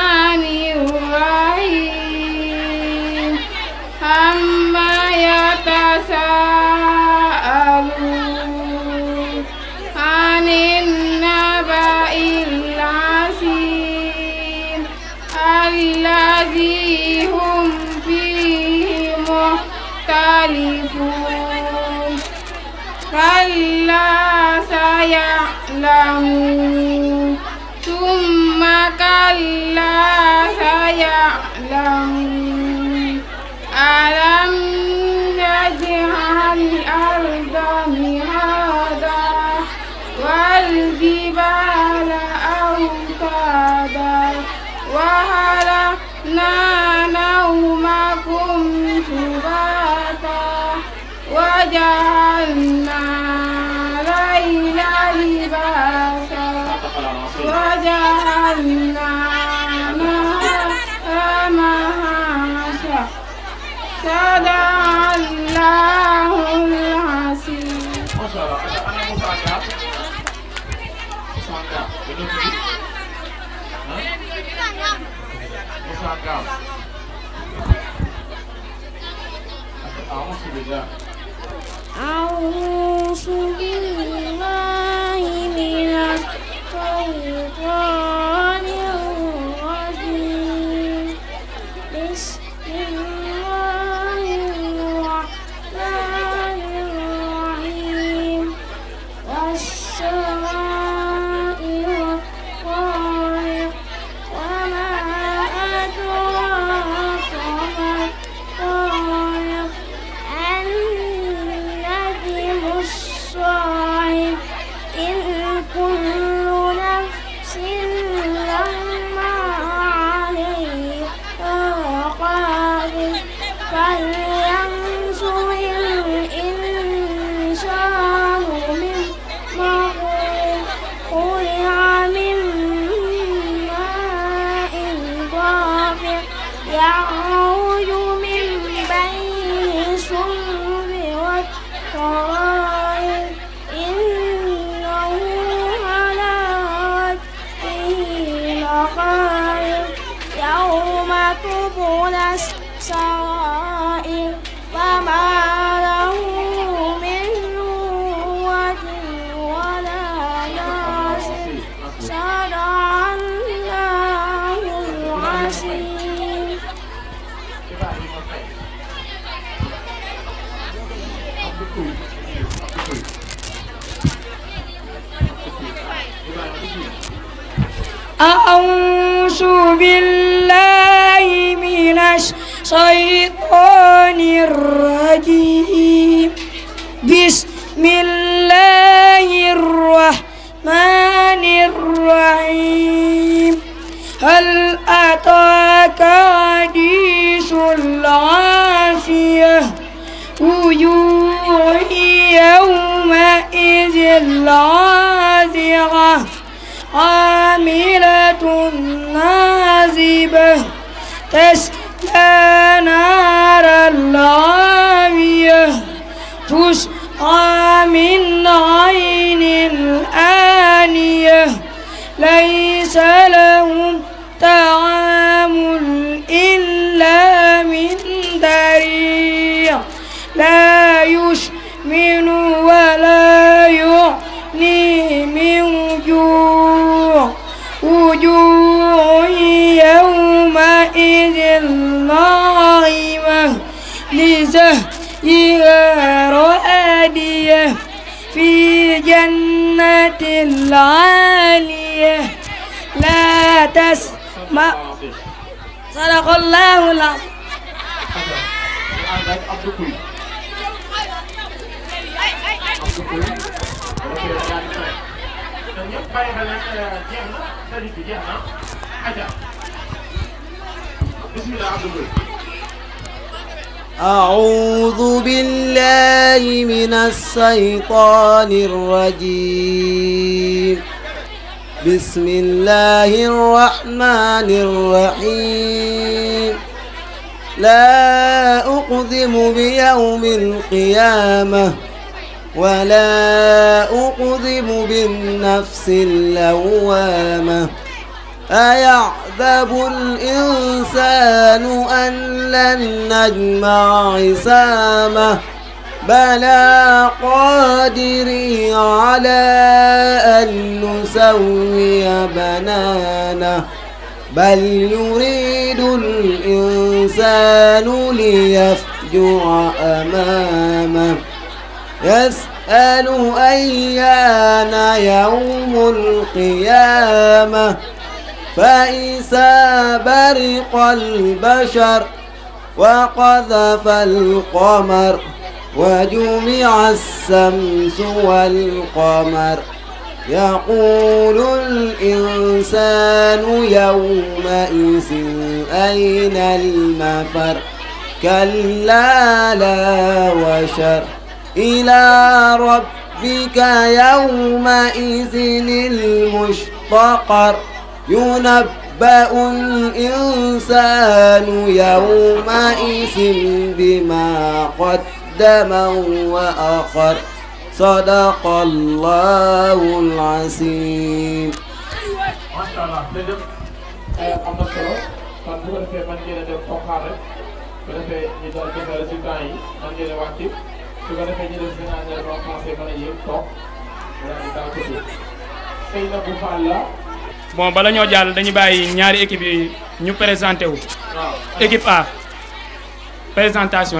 Bye. Sangam. أعوذ بالله أعوذ بالله من الشيطان أعوذ بالله من الشيطان الرجيم بسم الله الرحمن الرحيم هل أتاك حديث العافية وجوه يومئذ عاذرة عاملة ناصبة تسلى نارا لامية تسقى من عين آنية ليس لهم طعام إلا من ضريع لا يشمن ولا يعطي يغني من جوع وجوه يومئذ ناعمة لسهيها رأدية في جنة العالية لا تسمع صدق الله العظيم Thank you. daal di pare ñoom ñëpp bàyyi xel nag jeex na service bi jeex na aja bismillah Abdou Mboy أعوذ بالله من الشيطان الرجيم بسم الله الرحمن الرحيم لا أقسم بيوم القيامة ولا أقذب بالنفس اللوامة أيعذب الإنسان أن لن نجمع عسامة بلى قادري على أن نسوي بنانه بل يريد الإنسان ليفجع أمامه يسأل أيان يوم القيامة فإذا برق البشر وقذف القمر وجمع الشمس والقمر يقول الإنسان يومئذ أين المفر كلا لا وشر إلى ربك يومئذ المشتقر ينبأ الإنسان يومئذ بما قدم وأخر صدق الله العظيم. ko defee ñu bala ñoo jàll dañu bàyyi ñaari équipe yi ñu présenté wu. waaw équipe A. présentation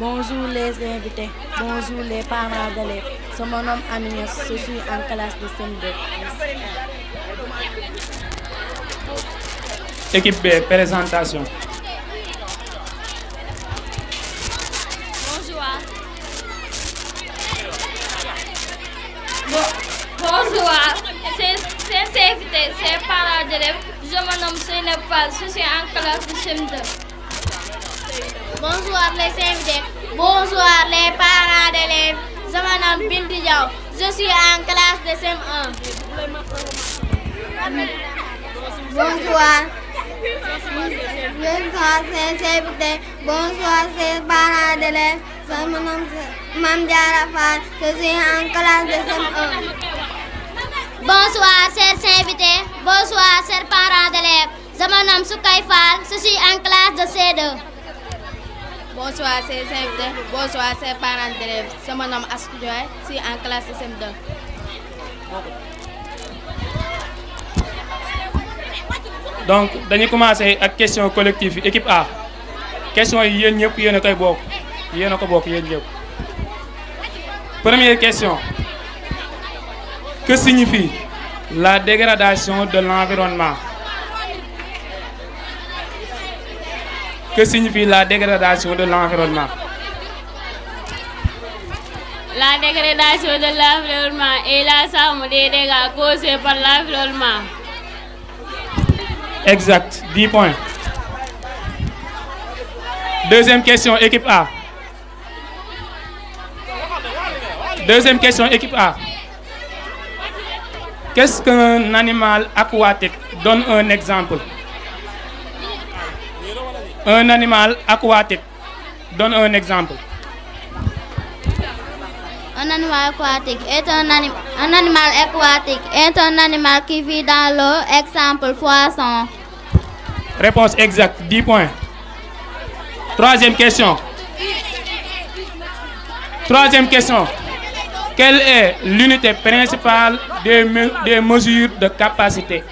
Bonjour les invités, bonjour les parents d'élèves. C'est mon nom suis en classe de CM2. Équipe B, présentation. Bonjour. Bon, bonjour, c'est invité, c'est parents Je me nomme Seynep Fall, suis en classe de cm Bonsoir les invités. Bonsoir les parents d'élèves. Je m'appelle Binti Diaw. Je suis en classe de CM1. Bonsoir. Bonsoir les invités. Bonsoir les parents d'élèves. Je m'appelle Mame Diarra Fall. Je suis en classe de CM1. Bonsoir chers invités. Bonsoir chers parents d'élèves. Je m'appelle Soukay Fall. Je suis en classe de CE2. Bonsoir en classe donc dañu commencer ak question collective yi équipe A question yi yéen ñëpp yéen a koy bokk yéen ko bokk yéen ñëpp première question que signifie la dégradation de l'environnement Que signifie la dégradation de l'environnement La dégradation de l'environnement est la somme des dégâts causés par l'environnement. Exact, équipe A. Deuxième question, équipe A. Qu'est-ce qu'un animal aquatique? Donne un exemple. un animal aquatique donne un exemple. Un animal aquatique est un, animal aquatique est un animal qui vit dans l'eau, exemple poisson. Réponse exacte, Troisième question. Troisième question. Quelle est l'unité principale des mesures de capacité?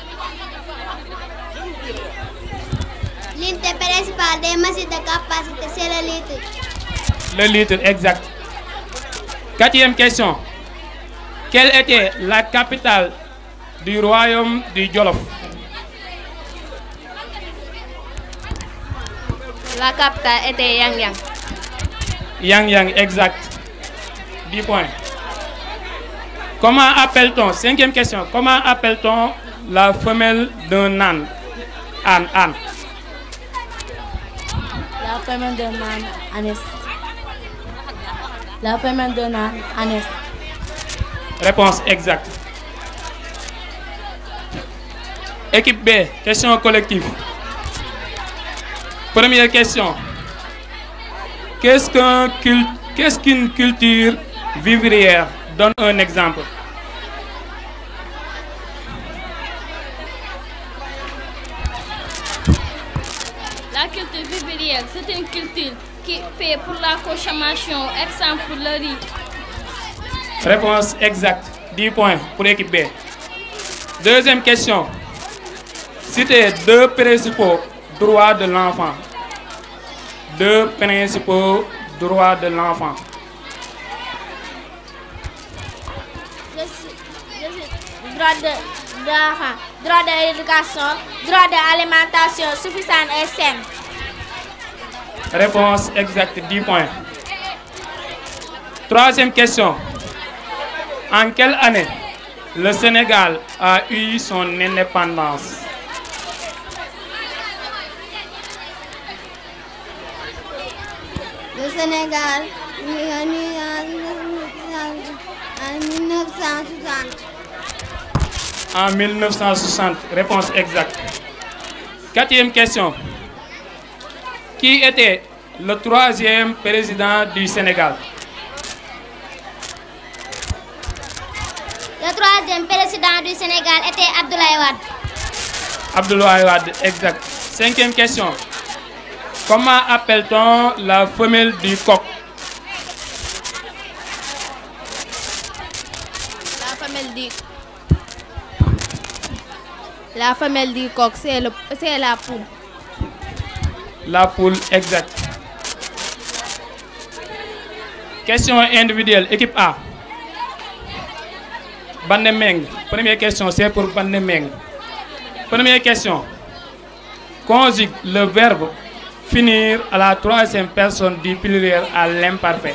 L'unité principale des machines de capacité, le litre. Le litre, exact. Quatrième question. Quelle était la capitale du royaume du Jolof? Comment appelle cinquième question, comment appelle la femelle d'un âne? Âne, La payment de Réponse exacte. Équipe B, question collective. Première question. Qu'est-ce qu'un cul... qu'est-ce qu'une culture vivrière? Donne un exemple. céréalière, c'est une culture qui fait pour la consommation, exemple pour le riz. Réponse exacte, 10 points pour l'équipe Deuxième question. Citez deux principaux droits de l'enfant. Deux droits de l'éducation, droit de l'alimentation suffisante et saine. Réponse exacte, 10 points. Troisième question. En quelle année le Sénégal a eu son indépendance Le Sénégal en En réponse exacte. qui était le troisième président du Sénégal. Le troisième président du Sénégal était Abdoulaye Wade. Abdoulaye Wade, exact. Cinquième question. Comment appelle-t-on la femelle du coq? c'est la poule. la poule exacte. Question individuelle, équipe A. Bandemeng. Première question, c'est pour Bandemeng. Première question. Conjugue le verbe finir à la personne du pluriel à l'imparfait.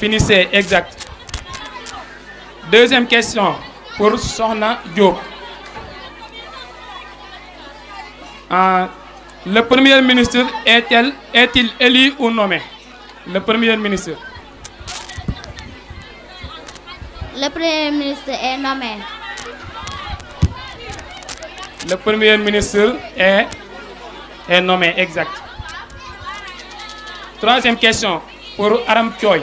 finissez exact. Deuxième question pour Sohna Diop. Euh, le Premier ministre est-il est-il ou nommé? Le Premier ministre. Le Premier ministre est nommé. Le Premier ministre est nommé exact. Troisième question pour Aram Thioye.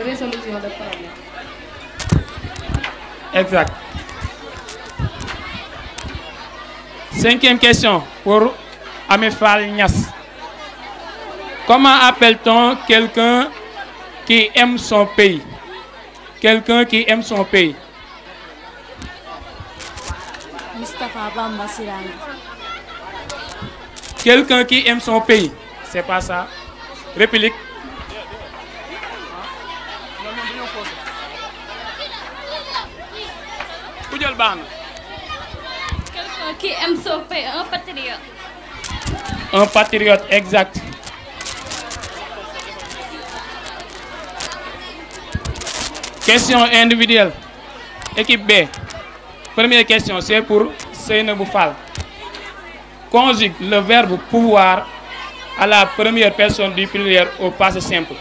résolution de problème. exact cinquième question pour Amifal Nias comment appelle-t-on quelqu'un qui aime son pays quelqu'un qui aime son pays. Moustapha Bamba Sirangi. quelqu'un qui aime son pays c'est pas ça réplique. jël baax na. quelqu'un qui aime son question individuelle équipe B première question c'est pour Seynabou Fall conjugue le verbe pouvoir à la première personne du pluriel au passé simple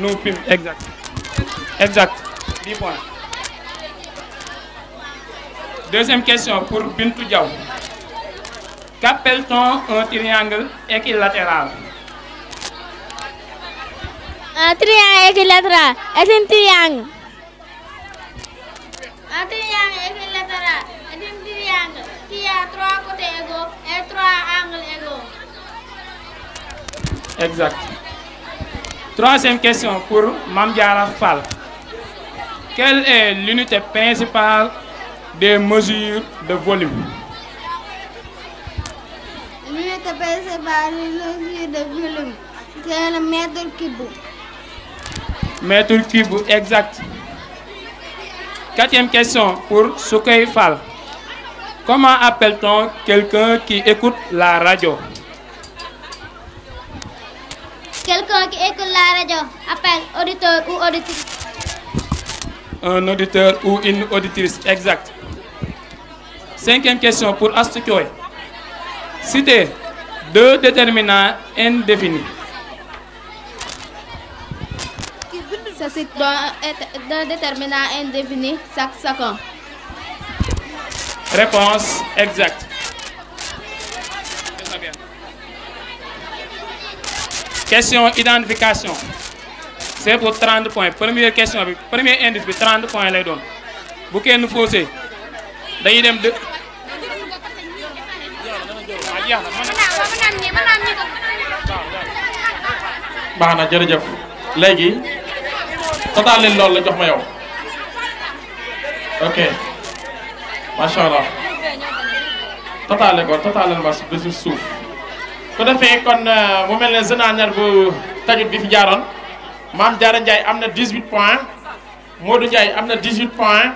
No film, exact. Exact. Deuxième question pour Bintou Diaw. quappelle t triangle équilatéral? Un triangle équilatéral triangle. Un triangle équilatéral est un triangle qui trois côtés et trois angles Exact. Troisième question pour Mamdiara Fall. Quelle est l'unité principale des mesures de volume L'unité principale des mesures de volume, c'est le mètre cube. Mètre cube, exact. Quatrième question pour Soukey Fall. Comment appelle-t-on quelqu'un qui écoute la radio Quelqu'un qui écoute la radio appelle auditeur ou auditrice. Un auditeur ou une auditrice, exact. Cinquième question pour Astou Thioye. Citez deux déterminants indéfinis. Ça cite Réponse exacte. question identification c'est pour 30 points première question bi premier indice bi 30 points lay doon bu kenn faussé dañuy dem de. Ah, baax na jërëjëf léegi tataal leen loolu la jox ma yow ok macha allah tataale ko tataaleel ma ba si ko defee kon euh, mu mel ne Sénégal bu tajut bi fi jaaroon maam Diarra njaay am na point points Modou Ndiaye am na 18 points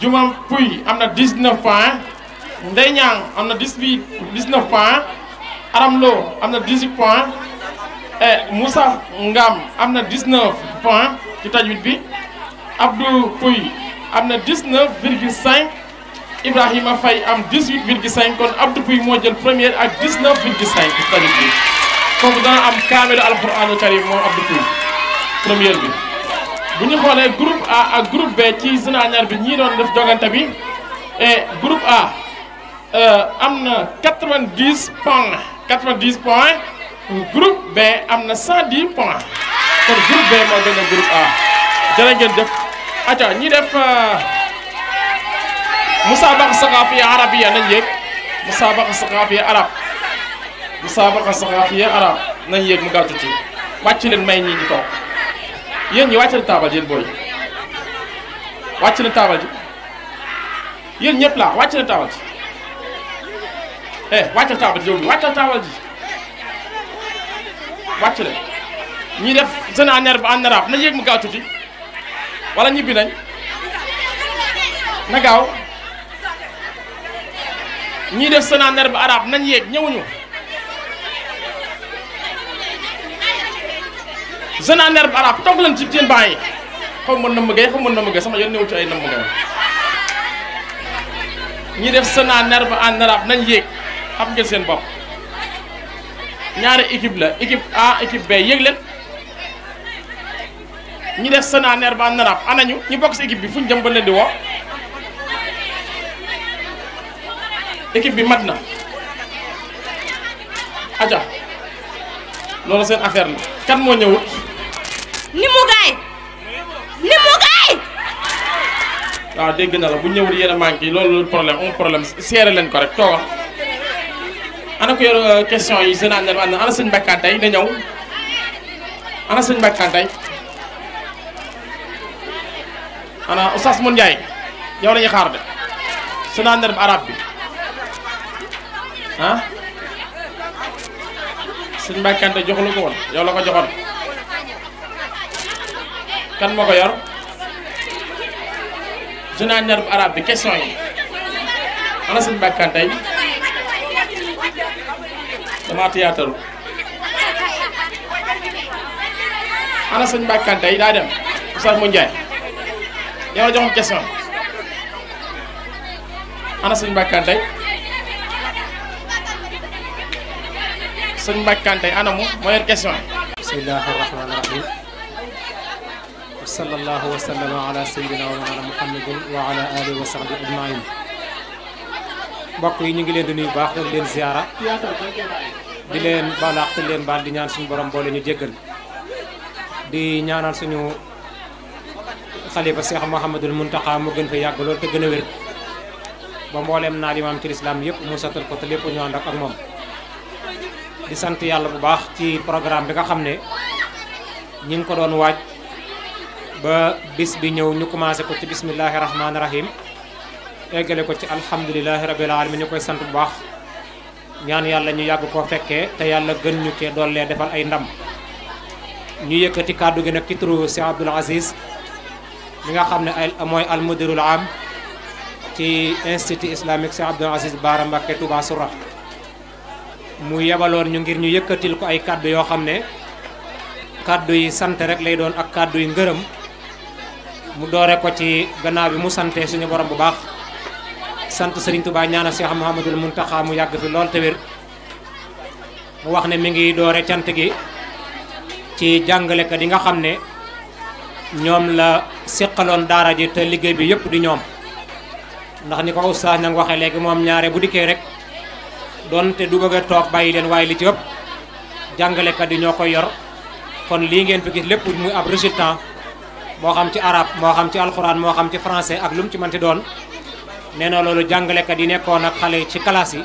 Juma Pouy am na 19 points Ndeye Niang am na 18 19 points Aram Lo am na 18 points Moussa Ngam am na 19 points ci tajut bi Abdou Pouy am na 19 virgule 5. Ibrahima Faye am 18 virgule 5 kon Abdou Pouy moo jël première ak 19 virgule 5 tarif bi kooku dana am kaamilu alxuraanu karim moom Abdou Pouy première bi. bu ñu xoolee groupe A ak groupe B ci zinañar bi ñii doon def jogante bi et groupe A euh, am na 90 points 90 points groupe B am na 110 points kon groupe B moo gën a groupe A jërë ngeen def acca ñi def. Euh, musaabaqa saqaafiya arabiya nañ yéeg musaabaqa saqaafiya arab musaabaqa saqaafiya arab nañ yéeg mu gàttu ci wàcc leen may ñii ñu toog yéen ñi wàcc leen taabal yéen booy wàcc leen taabal ji yéen ñëpp laa wàcc leen taabal ji eh taabal ji yow mi taabal ji wàcc leen ñi def seen aner ba en arabe nañ mu gàttu ci walla ñibbi nañ na gaaw ñii def Sen'Herbe arabe nañ yeeg ñëwuñu Sen'Herbe arabe toog leen ci seen banc yi xaw ma nëmm gay xaw ma nëmm gay sama yoon newu ci ay nëmm gay ñii def Sen'Herbe en arabe nañ yéeg xam ngeen seen bopp ñaari équipe la équipe A équipe B yéeg leen ñi def Sen'Herbe en arabe anañu ñu bokk si équipe bi fu ñu jëm ba leen di wo équipe bi mat na aja loolu seen affaire la kan moo ñëwut ni mu waaw ah, dégg na la bu ñëwul yéen a yi loolu problème un problème seere leen ko rek toogal ana ko yor euh, question yi seen àndal ànd ana sëñ Bakantay na ñëw ana sëñ Bakantay ana Oustaz Moundiaye yow la ñuy xaar de seen àndal arab bi ah sëñ Mbacke Anta joxu la ko woon yow la ko joxoon kan moo ko yor journal bu arabe bi question yi ana sëñ Mbacke Anta yi damaa tiyaataru ana sëñ Mbacke Anta yi daa dem Oustaz mu Ndiaye yow la joxoon question ana sëñ Mbacke Anta yi sëñ Mbacke Kanté anamu moo yor question yi. bismillahi rahmaani rahim. wa sallallahu wa sallama ala sayyidina wa mawlana muhammadin wa mbokk yi ñu ngi leen di nuyu baax di leen ziara. di leen balaax di leen baal di ñaan suñu borom boole ñu jéggal. di ñaanal suñu xalifa Cheikh Mouhamadul Mountakha mu gën fa yàgg lool te gën a wér. ba mbooleem naal imaam ci lislaam yëpp mu satal ko te lépp ñu ànd ak moom. di sant yàlla bu baax ci programme bi nga xam ne ñi ngi ko doon waaj ba bis bi ñëw ñu commencé ko ci bismillahi rahmaani rahim eggale ko ci alhamdulilahi rabil alamin ñu koy sant bu baax ñaan yàlla ñu yàgg koo fekkee te yàlla gën ñu cee dollee defal ay ndam ñu yëkkati kàddu gi nag ci turu Cheikh Abdoul mi nga xam ne ay mooy almudirul am ci institut islamique Cheikh Abdoul Aziz Bara Mbacké Touba Sourah mu yebaloon ñu ngir ñu yëkkatil ko ay kàddu yoo xam ne kàddu yi sant rek lay doon ak kàddu yi ngërëm mu doore ko ci gannaaw bi mu santee suñu borom bu baax sant Serigne Touba ñaanal Cheikh Mouhamadul Mountakha mu yàgg fi lool te wér mu wax ne mi ngi doore cant gi ci jàngale jàngalekat yi nga xam ne ñoom la seqaloon daara ji te liggéey bi yëpp di ñoom ndax ni ko oustaz nag waxe léegi moom ñaare bu dikkee rek te du bëgg a toog bàyyi leen waaye li ci jàngalekat yi ñoo koy yor kon lii ngeen fi lépp muy ab résultat moo xam ci arab moo xam ci alxuraan moo xam ci français ak lu mu ci mënti doon nee na loolu jàngalekat yi nekkoon ak xale ci classe yi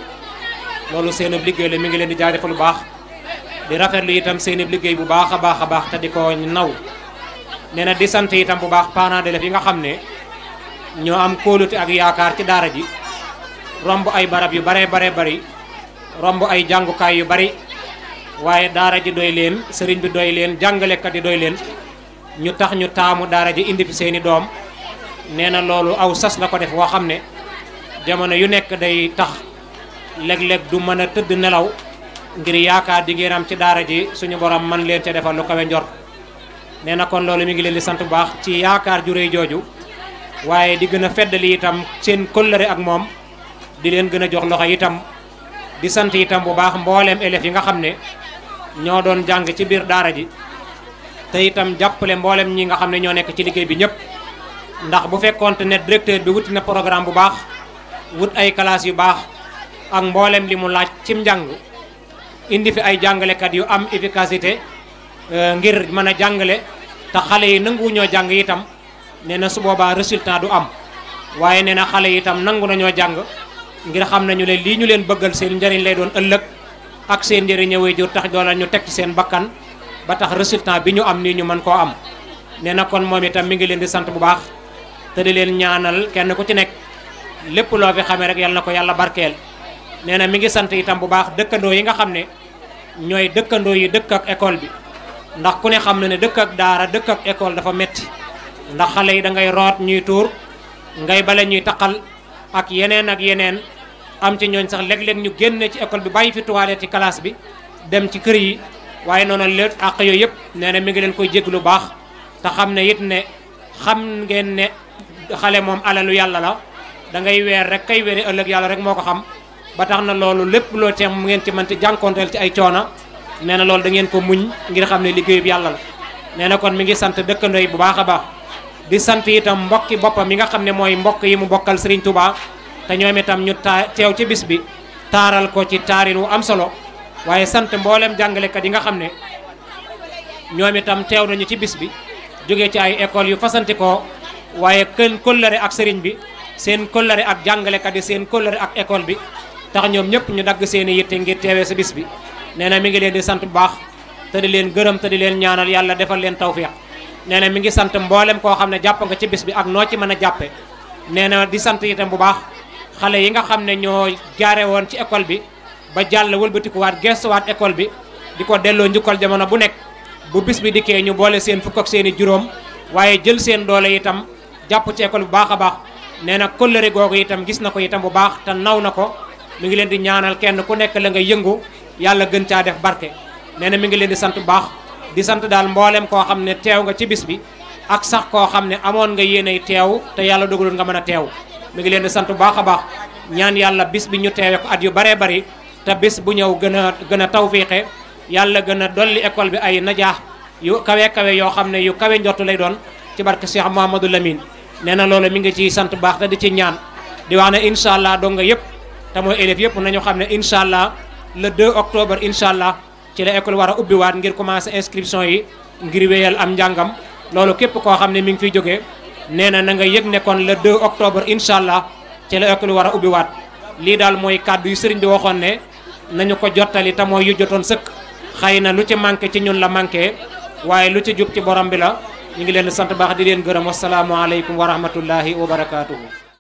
loolu seen liggéey la mi ngi leen di jaajëfal lu baax di rafetlu itam seen ab liggéey bu baax a baax a baax te di ko naw nee na di sant itam bu baax parents d'élèves yi nga xam ne ñoo am kóolute ak yaakaar ci daara ji ay barab yu baree baree bari romb ay jàngukaay yu bari waaye daara ji doy leen sëriñ bi doy leen jàngalekat yi doy leen ñu tax ñu taamu daara ji indi fi seeni doom nee na loolu aw sas la ko def woo xam ne jamono yu nekk day tax leg leg du mën a tëdd nelaw ngir yaakaar di ngeen am ci daara ji suñu borom man leen ca defal lu kawe njort nee na kon loolu mu ngi leen di sant bu baax ci yaakaar ju jooju waaye di gën a feddali itam seen kóllëre ak moom di leen gën a jox loxo itam di sant itam bu baax mbooleem élèves yi nga xam ne ñoo doon jàng ci biir daara ji te itam jàppale mbooleem ñi nga xam ne ñoo nekk ci liggéey bi ñëpp ndax bu fekkoonte ne directeur bi wuti na programme bu baax wut ay classes yu baax ak mbooleem li mu laaj cim njàng indi fi ay jàngalekat yu am efficacité euh, ngir mën a jàngale te xale yi nanguwu ñoo jàng yitam nee na su boobaa résultat du am waaye nee na xale yi itam nangu nañoo jàng ngir xam nañu leen lii ñu leen bëggal seen njëriñ lay doon ëllëg ak seen njëriñ ñëwee jur tax doon ñu teg ci seen bakkan ba tax résultat bi ñu am nii ñu mën koo am nee na kon moom itam mi ngi leen di sant bu baax te di leen ñaanal kenn ku ci nekk lépp loo fi xamee rek yal na ko yàlla barkeel nee na mi ngi sant itam bu baax dëkkandoo yi nga xam ne ñooy dëkkandoo yi dëkk ak école bi ndax ku ne xam na ne dëkk ak daara dëkk ak école dafa metti da ak yeneen ak yeneen am ci ñooñ sax léeg-léeg ñu génne ci école bi bàyyi fi toilette ci classe bi dem ci kër yi waaye noonu lépp àq yooyu yëpp nee mi ngi leen koy jégg lu baax te xam ne it ne xam ngeen ne xale moom alalu yàlla la da ngay weer rek kay weere ëllëg yàlla rek moo ko xam ba tax na loolu lépp loo teem mu ngeen ci mënti jànkonteel ci ay coona nee na loolu da ngeen ko muñ ngir xam ne liggéeyub yàlla la nee kon mi ngi sant dëkkandoo yi bu baax a baax di sant itam mbokki boppam yi nga xam ne mooy mbokk yi mu bokkal Serigne Touba te ñoom itam ñu taa teew ci bis bi taaral ko ci taarin wu am solo waaye sant mboolem jàngalekat yi nga xam ne ñoom itam teew nañu ci bis bi jóge ci ay école yu fasanti ko waaye kenn kóllëre ak sëriñ bi seen kóllëre ak jàngalekat yi seen kóllëre ak école bi tax ñoom ñëpp ñu dagg seen i ngir teewee sa bis bi nee na mi ngi leen di sant bu baax te di leen gërëm te di leen ñaanal yàlla defal leen tawfiq nee mi ngi sant mboolem koo xam ne jàpp nga ci bis bi ak noo ci mën a jàppe nee na di sant itam bu baax xale yi nga xam ne ñoo jaare woon ci école bi ba jàll wëlbatikuwaat gestuwaat école bi di ko delloo njukkal jamono bu nekk bu bis bi dikkee ñu boole seen fukk ak seen juróom waaye jël seen doole itam jàpp ci école bu baax a baax nee na kóllëre googu itam gis na ko itam bu baax te naw na ko mi ngi leen di ñaanal kenn ku nekk la nga yëngu yàlla gën caa def barke nee ngi leen di sant baax di sant daal mbooleem koo xam ne teew nga ci bis bi ak sax koo xam ne amoon nga yéenay teew te yàlla dogaloon nga mën a teew mi ngi leen di sant bu baax a baax ñaan yàlla bis bi ñu teewe ko at yu baree bari te bis bu ñëw gën a gën a tawfiixe yàlla gën a dolli école bi ay najaax yu kawee kawe yoo xam ne yu kawe njottu lay doon ci barke Cheikh Mouhamadou Lamine nee na loolu mi ngi ciy sant baax te di ci ñaan di wax ne incha allah dong nga yëpp te mooy élèves yëpp nañu xam ne incha allah le 2 octobre incha allah ci la école war a ubbiwaat ngir commencer inscription yi ngir wéyal am njàngam loolu képp koo xam ne mi ngi fiy jógee nee na nanga nga nekkoon la kon le octobre incha allah ci la école war a ubbiwaat lii daal mooy kàddu yu sëriñ bi waxoon ne nañu ko jottali te mooy yu jotoon sëkk xëy na lu ci manqué ci ñun la manqué waaye lu ci jub ci borom bi la ñu ngi leen sant baax di leen gërëm wasalaamualeykum wa rahmatullahi wa barakaatuhu.